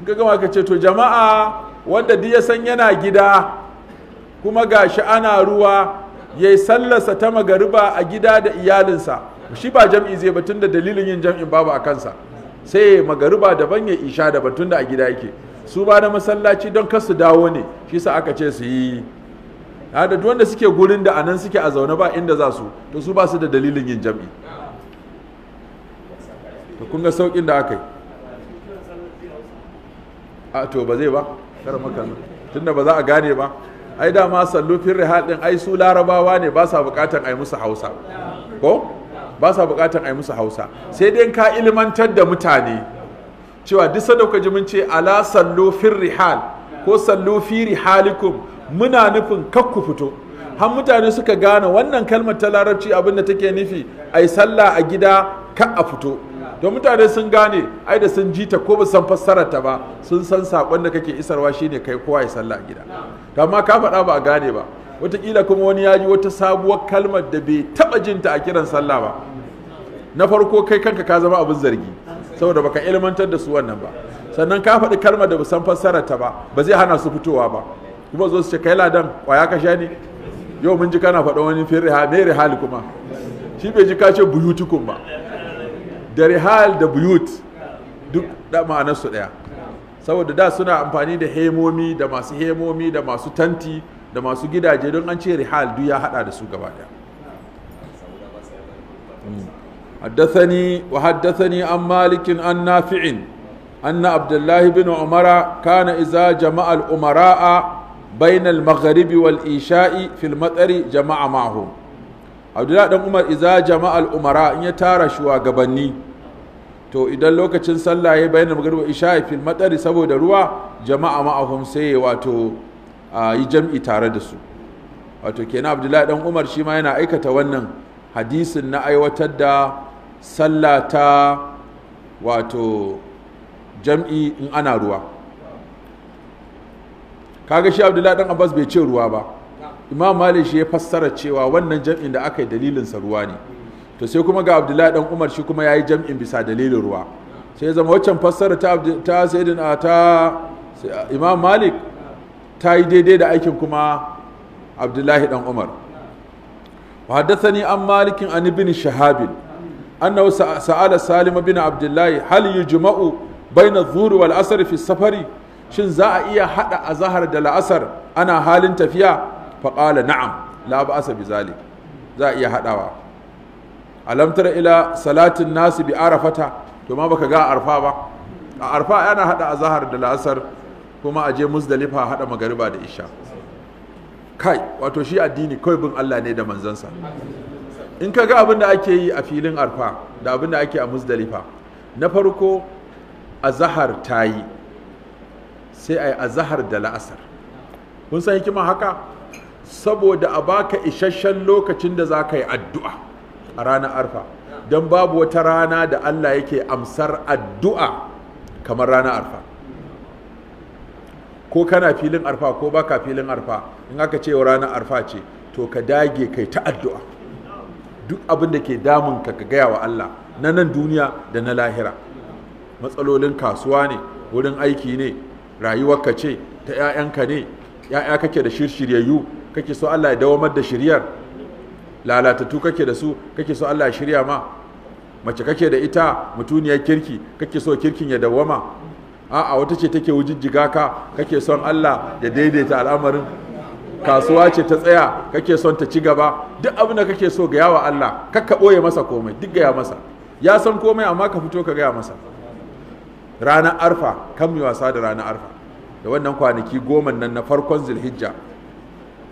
Speaker 1: in ka gama ka ce to jama'a wanda duk ya san yana gida kuma ga shi ana ruwa yayi sallarsa ta magariba a gida da iyalinsa shi ba jam'i zai batun da dalilin yin jam'in babu a kansa sai magariba daban ya isha daban da a gida yake su ba na masallaci don kar su dawo ne shi sa aka ce su yi da duk wanda suke gurin da anan suke a zaune ba inda za su to su ba su da dalilin yin jam'i to kun ga saukin da aka yi a to ba zai ba kar makallu tunda ba za a gane ba ai da ma sallufin rihal din ai su larabawa ne ba sa bukatan ai musu hausa ko ba sa bukatan ai musu hausa sai dai ka ilmantar da mutane cewa duk sadauka ji mun ce ala sallufin rihal ko sallu fi rihalikum muna nufin kakku fito har mutane suka gane wannan kalmar ta larabci abin da take nufi ai sallah a gida ka a fito don mutane sun gane ai da sun jita ko ba san fassarar ta ba sun san sakon da kake isarwa shine kai kowa ya sallah a gida to amma ka faɗa ba a gane ba wataƙila kuma wani ya ji wata sabuwar kalmar da bai taɓa ta a kiran sallah ba na farko kai kanka ka zama abin zargi saboda baka ilmantar da su wannan ba sannan ka faɗi kalmar da ba san fassarar ta ba ba zai hana su fitowa ba kuma zo su ce kai ladan kwaya ka sha ne yau mun ji kana faɗa wani fin rihal rihal kuma shi bai ji ka ce buyutukun ba da rihal da buyut duk da ma'anar su ɗaya saboda da suna amfani da hemomi da masu hemomi da masu tanti da masu gidaje don an ce rihal duk ya haɗa da su gaba ɗaya حدثني وحدثني عن مالك عن نافع أن عبد Abdullahi bin عمر kana إذا جمع الأمراء bainal magaribiwal wal isha'i fil matsari jama'a ma'hum abdullahi dan umar iza jama'al umara in ya tara shugabanni to idan lokacin sallah ya bainal magharibi wal isha'i fil matsari saboda ruwa jama'a ma'hum sai wato jam'i tare da su wato kenan abdullahi dan umar shi ma yana aikata wannan hadisin na aiwatar da sallah ta jam'i in ana ruwa kaga shi abdullahi dan abbas bai ce ruwa ba imam malik shi ya fassara cewa wannan jam'in da aka yi dalilin sa ruwa ne to sai kuma ga abdullahi dan umar shi kuma yayi jam'in bisa dalilin ruwa sai zama waccan fassara ta ta sayyidina ta imam malik ta yi daidai da aikin kuma abdullahi dan umar وحدثني عن مالك عن ابن شهاب أنه سأل سالم بن عبد الله هل يجمع بين الظهر والعصر في السفر shin za a iya hada azhar da la'asar ana halin tafiya fa na'am la ba'sa bi zalik za a iya hadawa alam tara ila salatin nasi bi arafata to ma baka ga arfa ba a arfa ana hada azhar da la'asar kuma a je muzdalifa hada magariba da isha kai wato shi addini kawai bin Allah ne da manzansa in ka ga abin da ake yi a filin arfa da abin da ake a muzdalifa na farko azahar tayi sai a yi azahar da la'asar kun san hikima haka saboda a baka isasshen lokacin da za ka yi addu'a a ranar arfa don babu wata rana da allah yake amsar addu'a kamar ranar arfa ko kana filin arfa ko baka filin arfa in aka ce ranar arfa ce to ka dage kai ta addu'a duk abin da ke damun ka ka gaya wa allah na nan duniya da na lahira matsalolin kasuwa ne wurin aiki ne rayuwarka ce ta 'ya'yanka ne ya'ya kake da shiryayyu kake so Allah ya dawamar da shiryar lalatattu kake da su kake so Allah ya shirya ma mace kake da ita mutuniyar kirki kake so kirkin ya dawama a'a wata ce take wujijjiga ka kake son Allah ya daidaita al'amarin kasuwa ce ta tsaya kake son ta ci gaba duk abin da kake so ga yawa Allah kakka ɓoye masa komai duk ya masa ya san komai amma ka fito ka gaya masa ranar arfa kan mai wasa da ranar arfa da wannan kwanaki goma nan na farkon zilhijja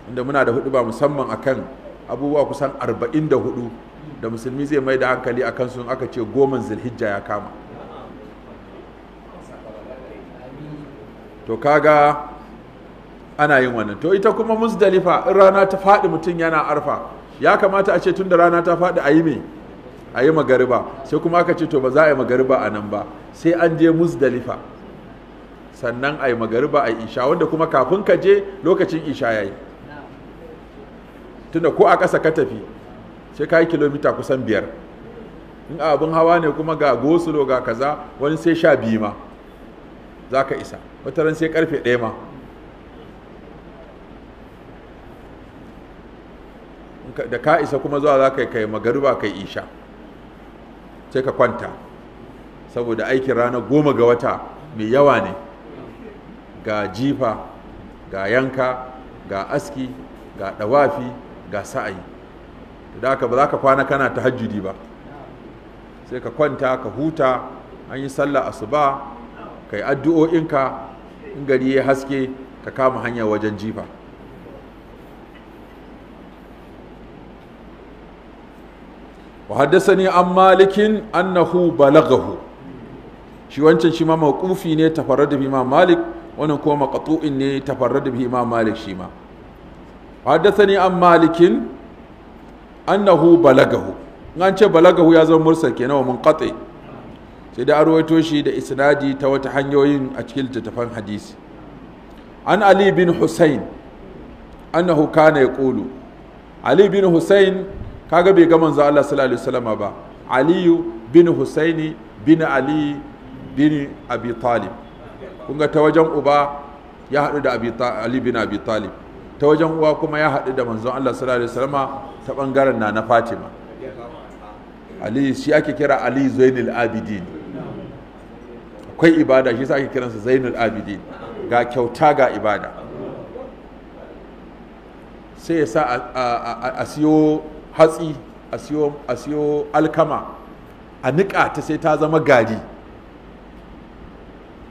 Speaker 1: inda muna da hudu ba musamman akan abubuwa kusan arba'in da da musulmi zai mai da hankali a sun aka ce goman zilhijja ya kama to kaga ana yin wannan to ita kuma musdalifa in rana ta faɗi mutum yana arfa ya kamata a ce tun da rana ta faɗi a yi mai a yi magariba sai kuma aka ce to ba za a yi magariba a nan ba sai an je musdalifa sannan a yi magariba a isha wanda kuma kafin ka je lokacin isha ya yi tunda ko a ƙasa ka tafi sai ka yi kilomita kusan biyar in abin hawa ne kuma ga gosulo ga kaza wani sai sha biyu ma za ka isa wata ran sai karfe ɗaya ma da ka isa kuma zuwa za ka yi magariba ka yi isha sai ka kwanta saboda aikin rana goma ga wata mai yawa ne ga jifa ga yanka ga aski ga dawafi ga sa'ayi da haka ba za ka kwana kana ta hajjudi ba sai ka kwanta ka huta an yi sallah asuba ka yi addu'o'inka in gari ya haske ka kama hanyar wajen jifa وحدثني عن مالك أنه بلغه shi wancan shi ma mawqufi ne da bi Imam Malik wannan kuma maqtu'in ne da bi Imam Malik shi ma ni an Malikin annahu balagahu an ce balagahu ya zama mursal kenan wa munqati sai da arwaito shi da isnadi ta wata hanyoyin a cikin littattafan hadisi an Ali bin husain. annahu kana yaqulu Ali bin husain. kaga bai ga manzo Allah sallallahu alaihi wasallam ba aliyu bin husaini bin ali bin abi talib kun ga ta wajen uba ya haɗu da abi ali bin abi talib ta wajen uwa kuma ya haɗu da manzon Allah sallallahu alaihi wasallam ta bangaren na na Fatima ali shi ake kira ali zainul abidin akwai ibada shi sa ake kiransa zainul abidin ga kyauta ga ibada sai ya sa a siyo hatsi a siyo alkama a niƙa ta sai ta zama gari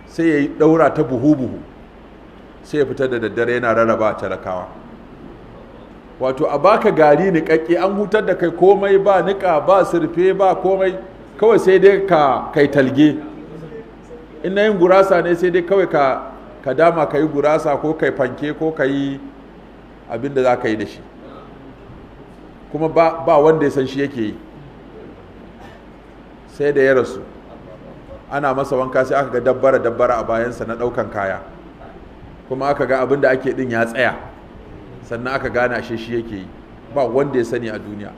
Speaker 1: sai ya yi ɗaura ta buhu-buhu sai ya fita da daddare yana rarraba a talakawa wato a baka gari niƙaƙƙe an hutar da kai komai ba niƙa ba surfe ba komai kawai sai dai ka kai talge ina yin gurasa ne sai dai kawai ka, ka dama ka yi gurasa ko kai fanke ko ka yi abin da za ka yi da shi kuma ba wanda ya san shi yake yi sai da ya rasu ana masa wanka sai aka ga dabbara dabbara a bayansa na ɗaukan kaya kuma aka ga abin da ake ɗin ya tsaya sannan aka gana ashe shi yake yi ba wanda ya sani a duniya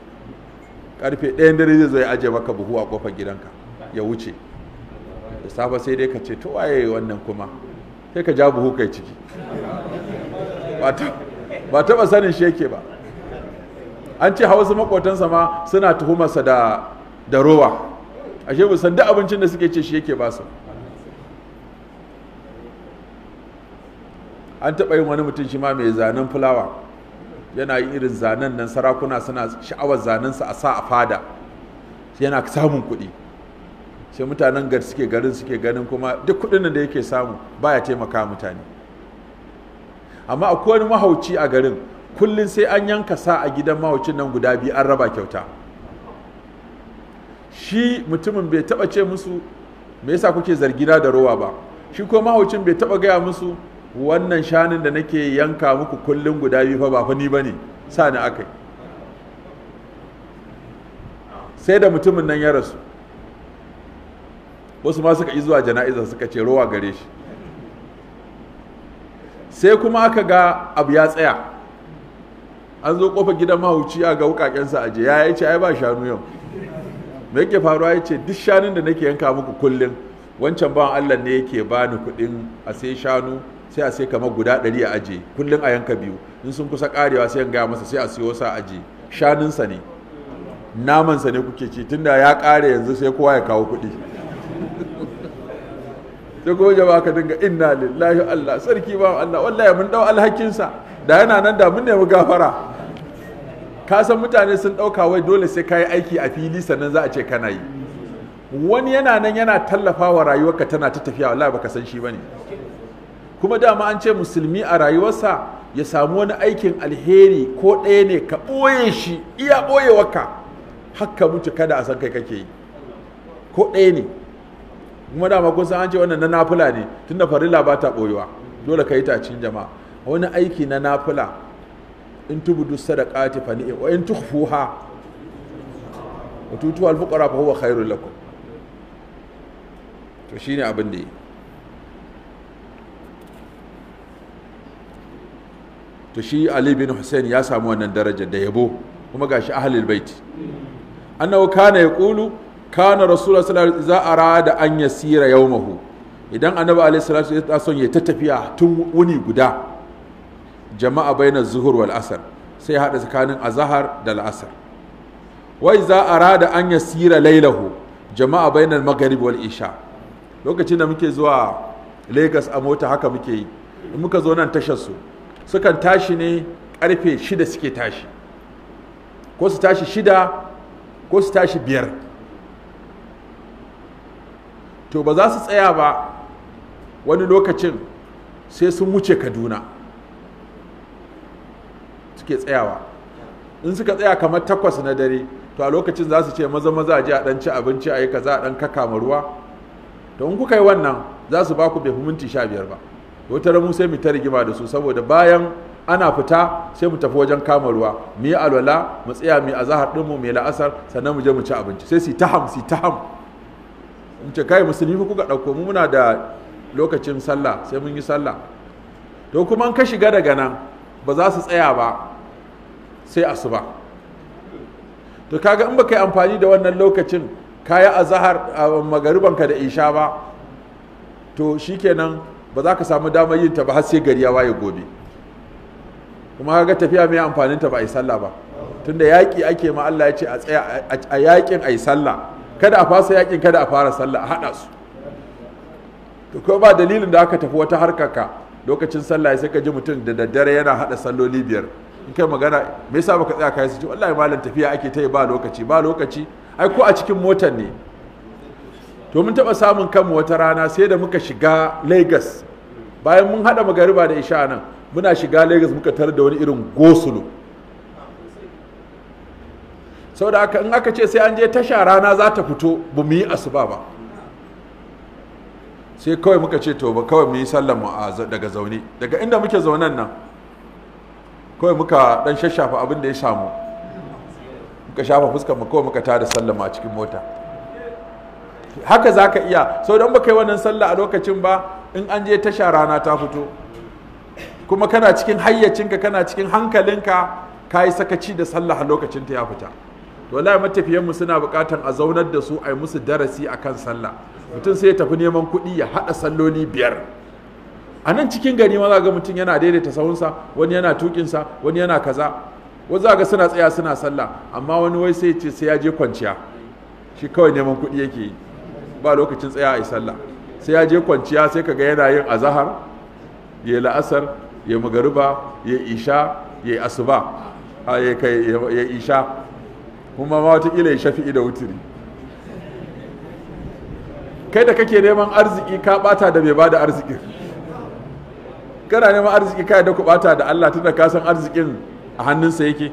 Speaker 1: karfe ɗayan dare zai zo ya ajiye maka buhu a kofar gidanka ya wuce da safe sai dai ka ce to waye wannan kuma sai ka ja buhu kai ciki ba taɓa sanin shi yake ba an ce hawa makotansa ma suna tuhumarsa da da rowa ashe ba san duk abincin da suke ce shi yake basu an taɓa yin wani mutum shi ma mai zanen fulawa yana yin irin zanen nan sarakuna suna sha'awar zanensa a sa a fada yana samun kuɗi sai mutanen gar suke garin suke ganin kuma duk kuɗin da yake samu baya taimaka mutane amma akwai wani mahauci a garin kullum sai an yanka sa a gidan mahaucin nan guda biyu an raba kyauta shi mutumin bai taba ce musu me yasa kuke zargina da rowa ba shi ko mahaucin bai taba gaya musu wannan shanin da nake yanka muku kullum guda biyu fa ba fa ni bane sa ni akai sai da mutumin nan ya rasu wasu ma suka yi zuwa jana'iza suka ce rowa gare shi sai kuma aka ga abu ya tsaya an zo kofar gidan mahauci a ga wukakensa aje ya yi ce ai ba shanu yau me yake faruwa ya ce duk shanun da nake yanka muku kullum wancan bawan allah ne yake bani kuɗin a sai shanu sai a sai kamar guda ɗari a aje kullum a yanka biyu in sun kusa karewa sai in gaya masa sai a siyo sa aje shanunsa ne namansa ne kuke ci tunda ya kare yanzu sai kowa ya kawo kuɗi sai kuma jama'a ka dinga inna lillahi allah sarki ba allah wallahi mun dau alhakinsa da yana nan da mun nemi gafara ka san mutane sun ɗauka wai dole sai ka yi aiki a fili sannan za a ce kana yi wani yana nan yana tallafa wa rayuwarka tana ta tafiya wallahi baka san shi bane kuma dama an ce musulmi a rayuwarsa ya samu wani aikin alheri ko ɗaya ne ka ɓoye shi iya waka. hakka mutu kada a san kai kake yi ko ɗaya ne kuma dama kun san an ce wannan na nafula ne tunda farilla ba ta ɓoyewa dole ka yi tacin jama'a wani aiki na nafila in tubu tubudu sadaqati fa ni'im wa in tukhfuha wa tutu al fuqara fa huwa khairul lakum to shine abin da yi to shi Ali bin Hussein ya samu wannan daraja da yabo kuma gashi ahlul bait annahu kana yaqulu kana rasulullah sallallahu alaihi wasallam idza arada an yasira yawmahu idan annabi alaihi salatu wasallam ya tafiya tun wuni guda jama'a bainar zuhur wal asar sai ya haɗa tsakanin azahar da al wai za'a rada an yasira lailahu jama'a bainar maghrib wal isha lokacin da muke zuwa lagos a mota haka muke yi in muka zo nan tashar su sukan tashi ne karfe shida suke tashi ko su tashi shida ko su tashi biyar to ba za su tsaya ba wani lokacin sai sun wuce kaduna suke tsayawa in suka tsaya kamar takwas na dare to a lokacin za su ce maza maza a ji a ɗan ci abinci a yi kaza a ɗan kakama ruwa to in kuka yi wannan za su ba ku bai minti sha biyar ba wata mu sai mu ta rigima da su saboda bayan ana fita sai mu tafi wajen kama ruwa mu yi alwala mu tsaya mu azahar ɗinmu mu yi la'asar sannan mu je mu ci abinci sai su taham su taham in ce kai musulmi ku kuka ɗauko mu muna da lokacin sallah sai mun yi sallah to kuma an ka shiga daga nan ba za su tsaya ba sai asuba to kaga in baka yi amfani da wannan lokacin kaya a zahar magaribanka da isha ba to shikenan ba za ka samu damar yin ta ba har sai gari ya waye gobe kuma kaga tafiya mai amfanin ta ba a yi sallah ba tunda yaƙi ake ma Allah ya ce a tsaya a yaƙin a yi sallah kada a fasa yaƙin kada a fara sallah a haɗa su to ko ba dalilin da aka tafi wata ka lokacin sallah sai ka ji mutum da daddare yana haɗa salloli biyar in kai magana me yasa baka tsaya kai su ce wallahi malam tafiya ake ta yi ba lokaci ba lokaci ai ko a cikin motar ne to mun taba samun kanmu wata rana sai da muka shiga Lagos bayan mun hada magariba da isha nan muna shiga Lagos muka tar da wani irin gosulo saboda haka in aka ce sai an je tasha rana za ta fito ba mu yi asuba ba sai kawai muka ce to ba kawai mu yi sallar mu daga zaune daga inda muke zaunen nan kawai muka dan shashafa abin da ya samu muka shafa fuskar mu kawai muka tada sallama a cikin mota haka za ka iya sau don baka yi wannan sallah a lokacin ba in an je tasha rana ta fito kuma kana cikin hayyacinka kana cikin hankalinka ka yi sakaci da sallah a lokacin ta ya fita wallahi matafiyanmu suna bukatan a zaunar da su a yi musu darasi akan sallah mutum sai ya tafi neman kuɗi ya haɗa salloli biyar a nan cikin gari ma za ga mutum yana daidaita sahunsa wani yana tukinsa wani yana kaza wani za ga suna tsaya suna sallah amma wani wai sai ce sai ya je kwanciya shi kawai neman kuɗi yake yi ba lokacin tsaya a yi sallah sai ya je kwanciya sai kaga yana yin azahar ya la'asar ya magariba ya isha ya asuba ya isha kuma ma watakila ya shafi da wutiri kai da kake neman arziki ka bata da bai bada arziki. kana neman arziki kai da kubata da Allah tunda ka san arzikin a hannunsa yake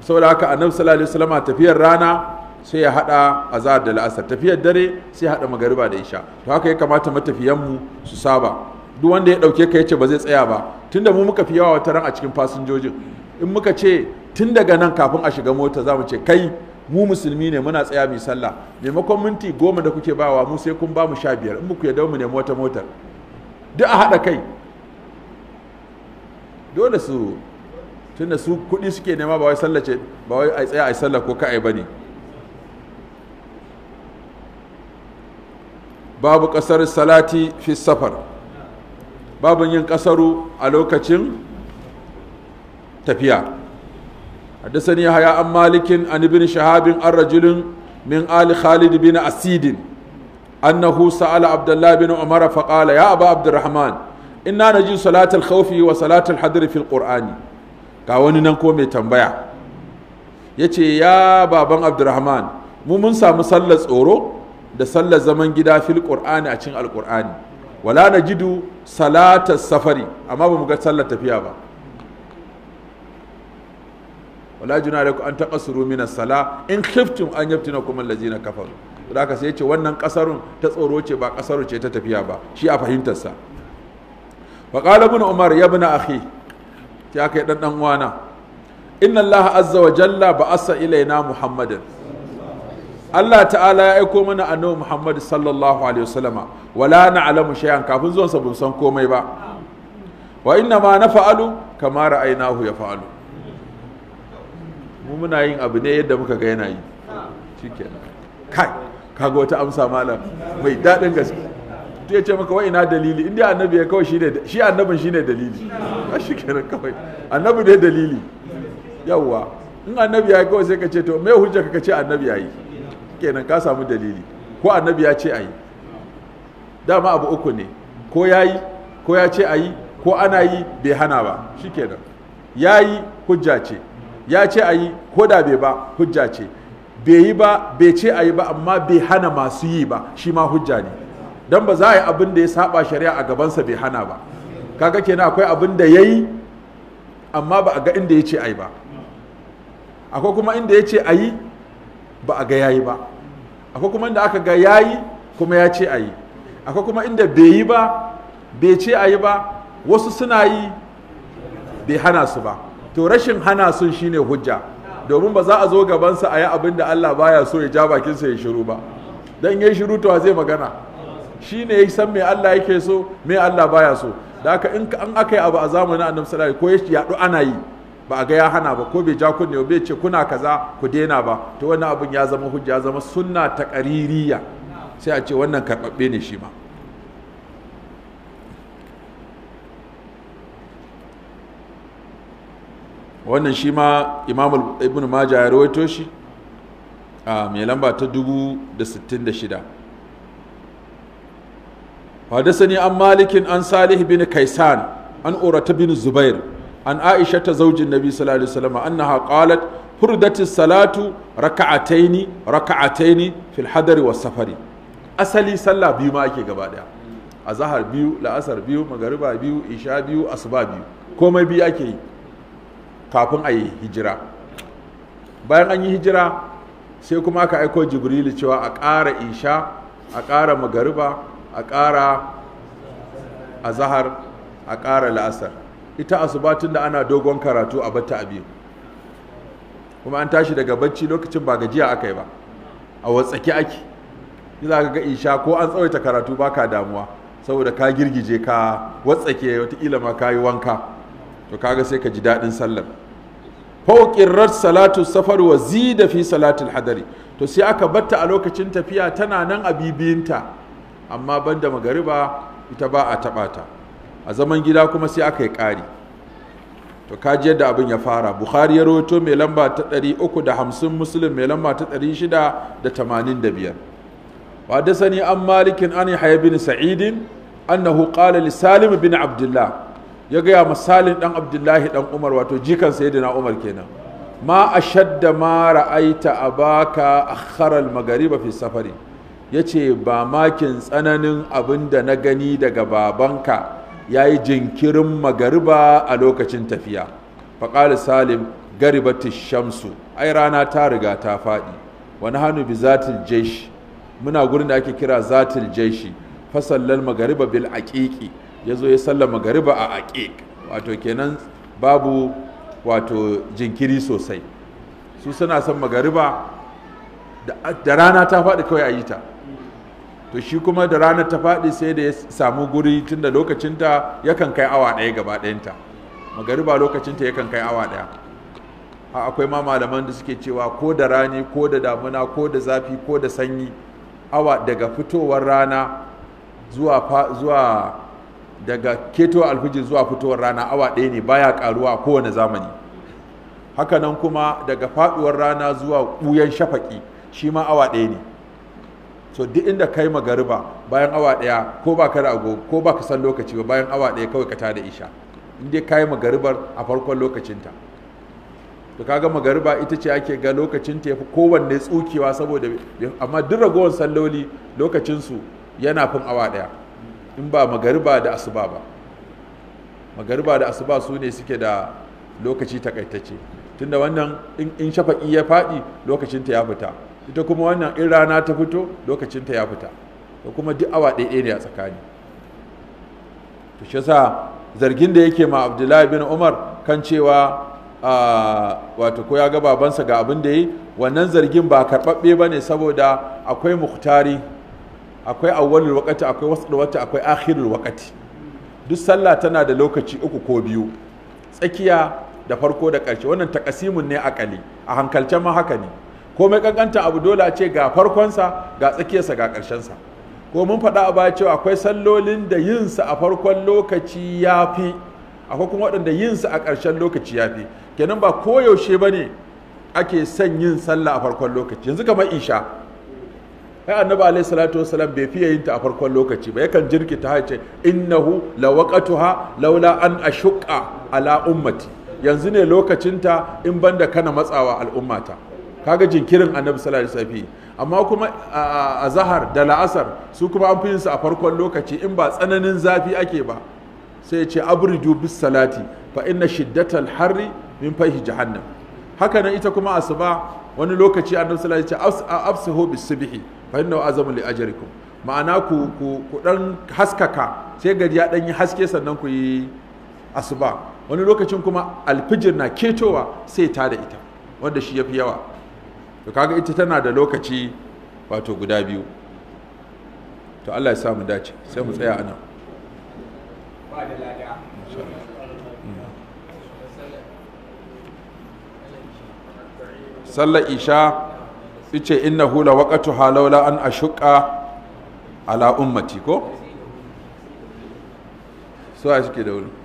Speaker 1: saboda haka annabi sallallahu alaihi wasallam tafiyar rana sai ya hada azhar da la'asar tafiyar dare sai ya hada magariba da isha to haka ya kamata matafiyan mu su saba duk wanda ya dauke ka yace ba zai tsaya ba tunda mu muka fi yawa wata ran a cikin fasinjojin in muka ce tun daga nan kafin a shiga mota za mu ce kai mu musulmi ne muna tsaya mu sallah maimakon minti goma da kuke bawa mu sai kun ba mu sha biyar in muku ya dawo mu ne mota motar duk a haɗa kai dole su tunda su kuɗi suke nema ba wai sallace ba wai a tsaya a sallah ko ka'ai ba ne babu ƙasar salati fi safar babu yin ƙasaru a lokacin tafiya حدثني يحيى عن مالك عن ابن شهاب عن رجل من آل خالد بن أسيد أنه سأل عبد الله بن عمر فقال يا أبا عبد الرحمن إنا نجي صلاة الخوف وصلاة الحذر في القرآن كاوني ننكو مي تنبيع يتي يا بابا عبد الرحمن mu mun samu sallar tsoro da sallar zaman gida fil qur'ani a cikin alqur'ani wala najidu salata safari amma ba mu ga sallar tafiya ba wala juna alaikum an taqasuru min as-sala in khiftum an yaftina kuma allazina kafaru da ka sai ce wannan kasarun ta tsoro ce ba kasarun ce ta tafiya ba shi a fahimtarsa wa qala ibn umar ya ibn akhi ya kai yi dan uwana inna allah azza wa jalla ba asa ilaina muhammadin Allah ta'ala ya aiko mana annabi Muhammad sallallahu alaihi wasallama wala na'lamu shay'an kafin zuwan sa san komai ba wa inna ma nafa'alu kama ra'aynahu yafa'alu mu muna yin abu ne yadda muka ga yana kai kaga wata amsa malam mai daɗin gaske to ya ce maka wa ina dalili inda annabi ya kawai shine shi annabin shine dalili ba shi kenan kawai annabi ne dalili yawwa in annabi ya yi kawai sai ka ce to me hujja ka ce annabi ya yi kenan ka samu dalili ko annabi ya ce a yi dama abu uku ne ko ya yi ko ya ce a yi ko ana yi bai hana ba shi kenan ya yi hujja ce ya ce a yi ko da bai ba hujja ce bai yi ba bai ce a yi ba amma bai hana masu yi ba shi ma hujja ne don ba za a yi abin da ya saba shari'a a gabansa bai hana ba kaga kenan akwai abin da ya yi amma ba a ga inda ya ce a yi ba akwai kuma inda ya ce a yi ba a ga ya yi ba akwai kuma inda aka ga ya yi kuma ya ce a yi akwai kuma inda bai yi ba bai ce a yi ba wasu suna yi bai hana su ba to rashin hana sun shine hujja domin ba za a zo gabansa a yi abin da Allah baya so ya ja bakinsa ya shiru ba dan yayi shiru to zai magana shi ne ya san me Allah yake so me Allah baya so da haka in an aka yi abu a zamanin annabi sallallahu ko ya yaɗu ana yi ba a ga ya hana ba ko bai ja kunne ba bai ce kuna kaza ku daina ba to wannan abun ya zama hujja ya zama sunna ta sai a ce wannan karɓaɓɓe ne shi ma wannan shi ma imam ibn maja ya rawaito shi a mai lamba ta 1066 hadasani an malikin an salih bin kaisan an urata bin zubair an aisha ta zaujin nabi sallallahu alaihi wasallam annaha qalat hurdatis salatu raka'ataini raka'ataini fil hadari was safari asali sallah biyu ma ake gaba daya azhar biyu la'asar biyu magariba biyu isha biyu asuba biyu komai biyu ake yi kafin a yi hijira bayan an yi hijira sai kuma aka aiko jibrilu cewa a ƙara isha a ƙara magariba a ƙara azahar a ƙara la'asar ita asubatun da ana dogon karatu a batta a biyu kuma an tashi daga bacci lokacin ba gajiya aka yi ba a watsaki ake yi za ka ga isha ko an tsawaita karatu ba ka damuwa saboda ka girgije ka watsake watakila ma ka wanka to kaga sai ka ji daɗin sallar fauƙirar salatu safar wa da fi salatul hadari to sai aka batta a lokacin tafiya tana nan a bibiyinta amma ban da magariba ita ba a taɓata a zaman gida kuma sai aka yi kari to kaji yadda abin ya fara bukhari ya rawaito mai lamba ta 350 musulun mai lamba ta 685 wa da sani an malikin an yi bin sa'idin annahu qala li salim bin abdullah ya gaya misalin dan abdullahi dan umar wato jikan sayyidina umar kenan ma ashadda ma ra'aita abaka akhara al-maghriba fi safari yace ba makin tsananin abin da na gani daga babanka yayi jinkirin magariba a lokacin tafiya faqala salim garibati shamsu ai rana ta riga ta faɗi wani hannu bi zatil jaishi muna gurin da ake kira zatil jaishi fasallal magariba bil aqiqi ya zo ya sallama gariba a ake. wato kenan babu wato jinkiri sosai su suna son magariba da rana ta faɗi kawai a yi ta to shi kuma da rana ta faɗi sai da ya samu guri tunda lokacinta yakan kai awa ɗaya gaba ɗayanta magariba lokacinta yakan kai awa ɗaya akwai ma malaman da suke cewa ko da rani ko da damuna ko da zafi ko da sanyi awa daga fitowar rana zuwa daga ketowar alfijir zuwa fitowar rana awa ɗaya ne baya karuwa a kowane zamani hakanan kuma daga faduwar rana zuwa ɓuyan shafaki shi ma awa ɗaya ne so duk inda kai magariba bayan awa ɗaya ko ba ka ko ba ka san lokaci ba bayan awa ɗaya kawai ka ta da isha inda ka yi magaribar a farkon lokacinta to kaga magariba ita ce ake ga lokacinta ya fi kowanne tsukewa saboda amma duk ragowar salloli lokacinsu yana fin awa ɗaya in ba magariba da asuba ba magariba da asuba su ne suke da lokaci takaitacce tunda wannan in shafa'i ya faɗi lokacinta ya fita ita kuma wannan in rana ta fito lokacinta ya fita da kuma duk awa ɗaya ne a tsakani to shi yasa zargin da yake ma abdullahi bin umar kan cewa wato ko ya ga babansa ga abin da yi wannan zargin ba karɓaɓɓe ba ne saboda akwai muktari. akwai awwalul waqti akwai wasdul waqti akwai akhirul waqti duk sallah tana da lokaci uku ko biyu tsakiya da farko da ƙarshe wannan takasimun ne akali a hankalce ma haka ne komai kankanta abu dole a ce ga farkonsa ga tsakiyarsa ga ƙarshensa ko mun faɗa a baya cewa akwai sallolin da yinsa a farkon lokaci ya akwai kuma waɗanda yinsa a ƙarshen lokaci ya fi kenan ba koyaushe ba ne ake son yin sallah a farkon lokaci yanzu kamar isha ai annabi alayhi salatu wasalam bai fiye yin ta a farkon lokaci ba yakan jirkita ta ce innahu lawaqatuha laula an ashqa ala ummati yanzu ne lokacinta in banda kana matsawa al'ummata kaga jinkirin annabi sallallahu alaihi wasallam amma kuma a zahar da la'asar su kuma an fi su a farkon lokaci in ba tsananin zafi ake ba sai ya ce abridu bis salati fa inna shiddatal harri min fahi jahannam haka nan ita kuma asuba wani lokaci annabi sallallahu alaihi wasallam ya ce afsahu bis subhi fa inna azamu li ajrikum ma'ana ku ku dan haskaka sai gari ya dan yi haske sannan ku yi asuba wani lokacin kuma alfijir na ketowa sai ta da ita wanda shi yafi yawa to kaga ita tana da lokaci wato guda biyu to Allah ya sa mu dace sai mu tsaya anan
Speaker 2: ba da lada
Speaker 1: sallar isha ice innahu hula waqatu halawla an ashqa ala ummati ko so a shike da wuri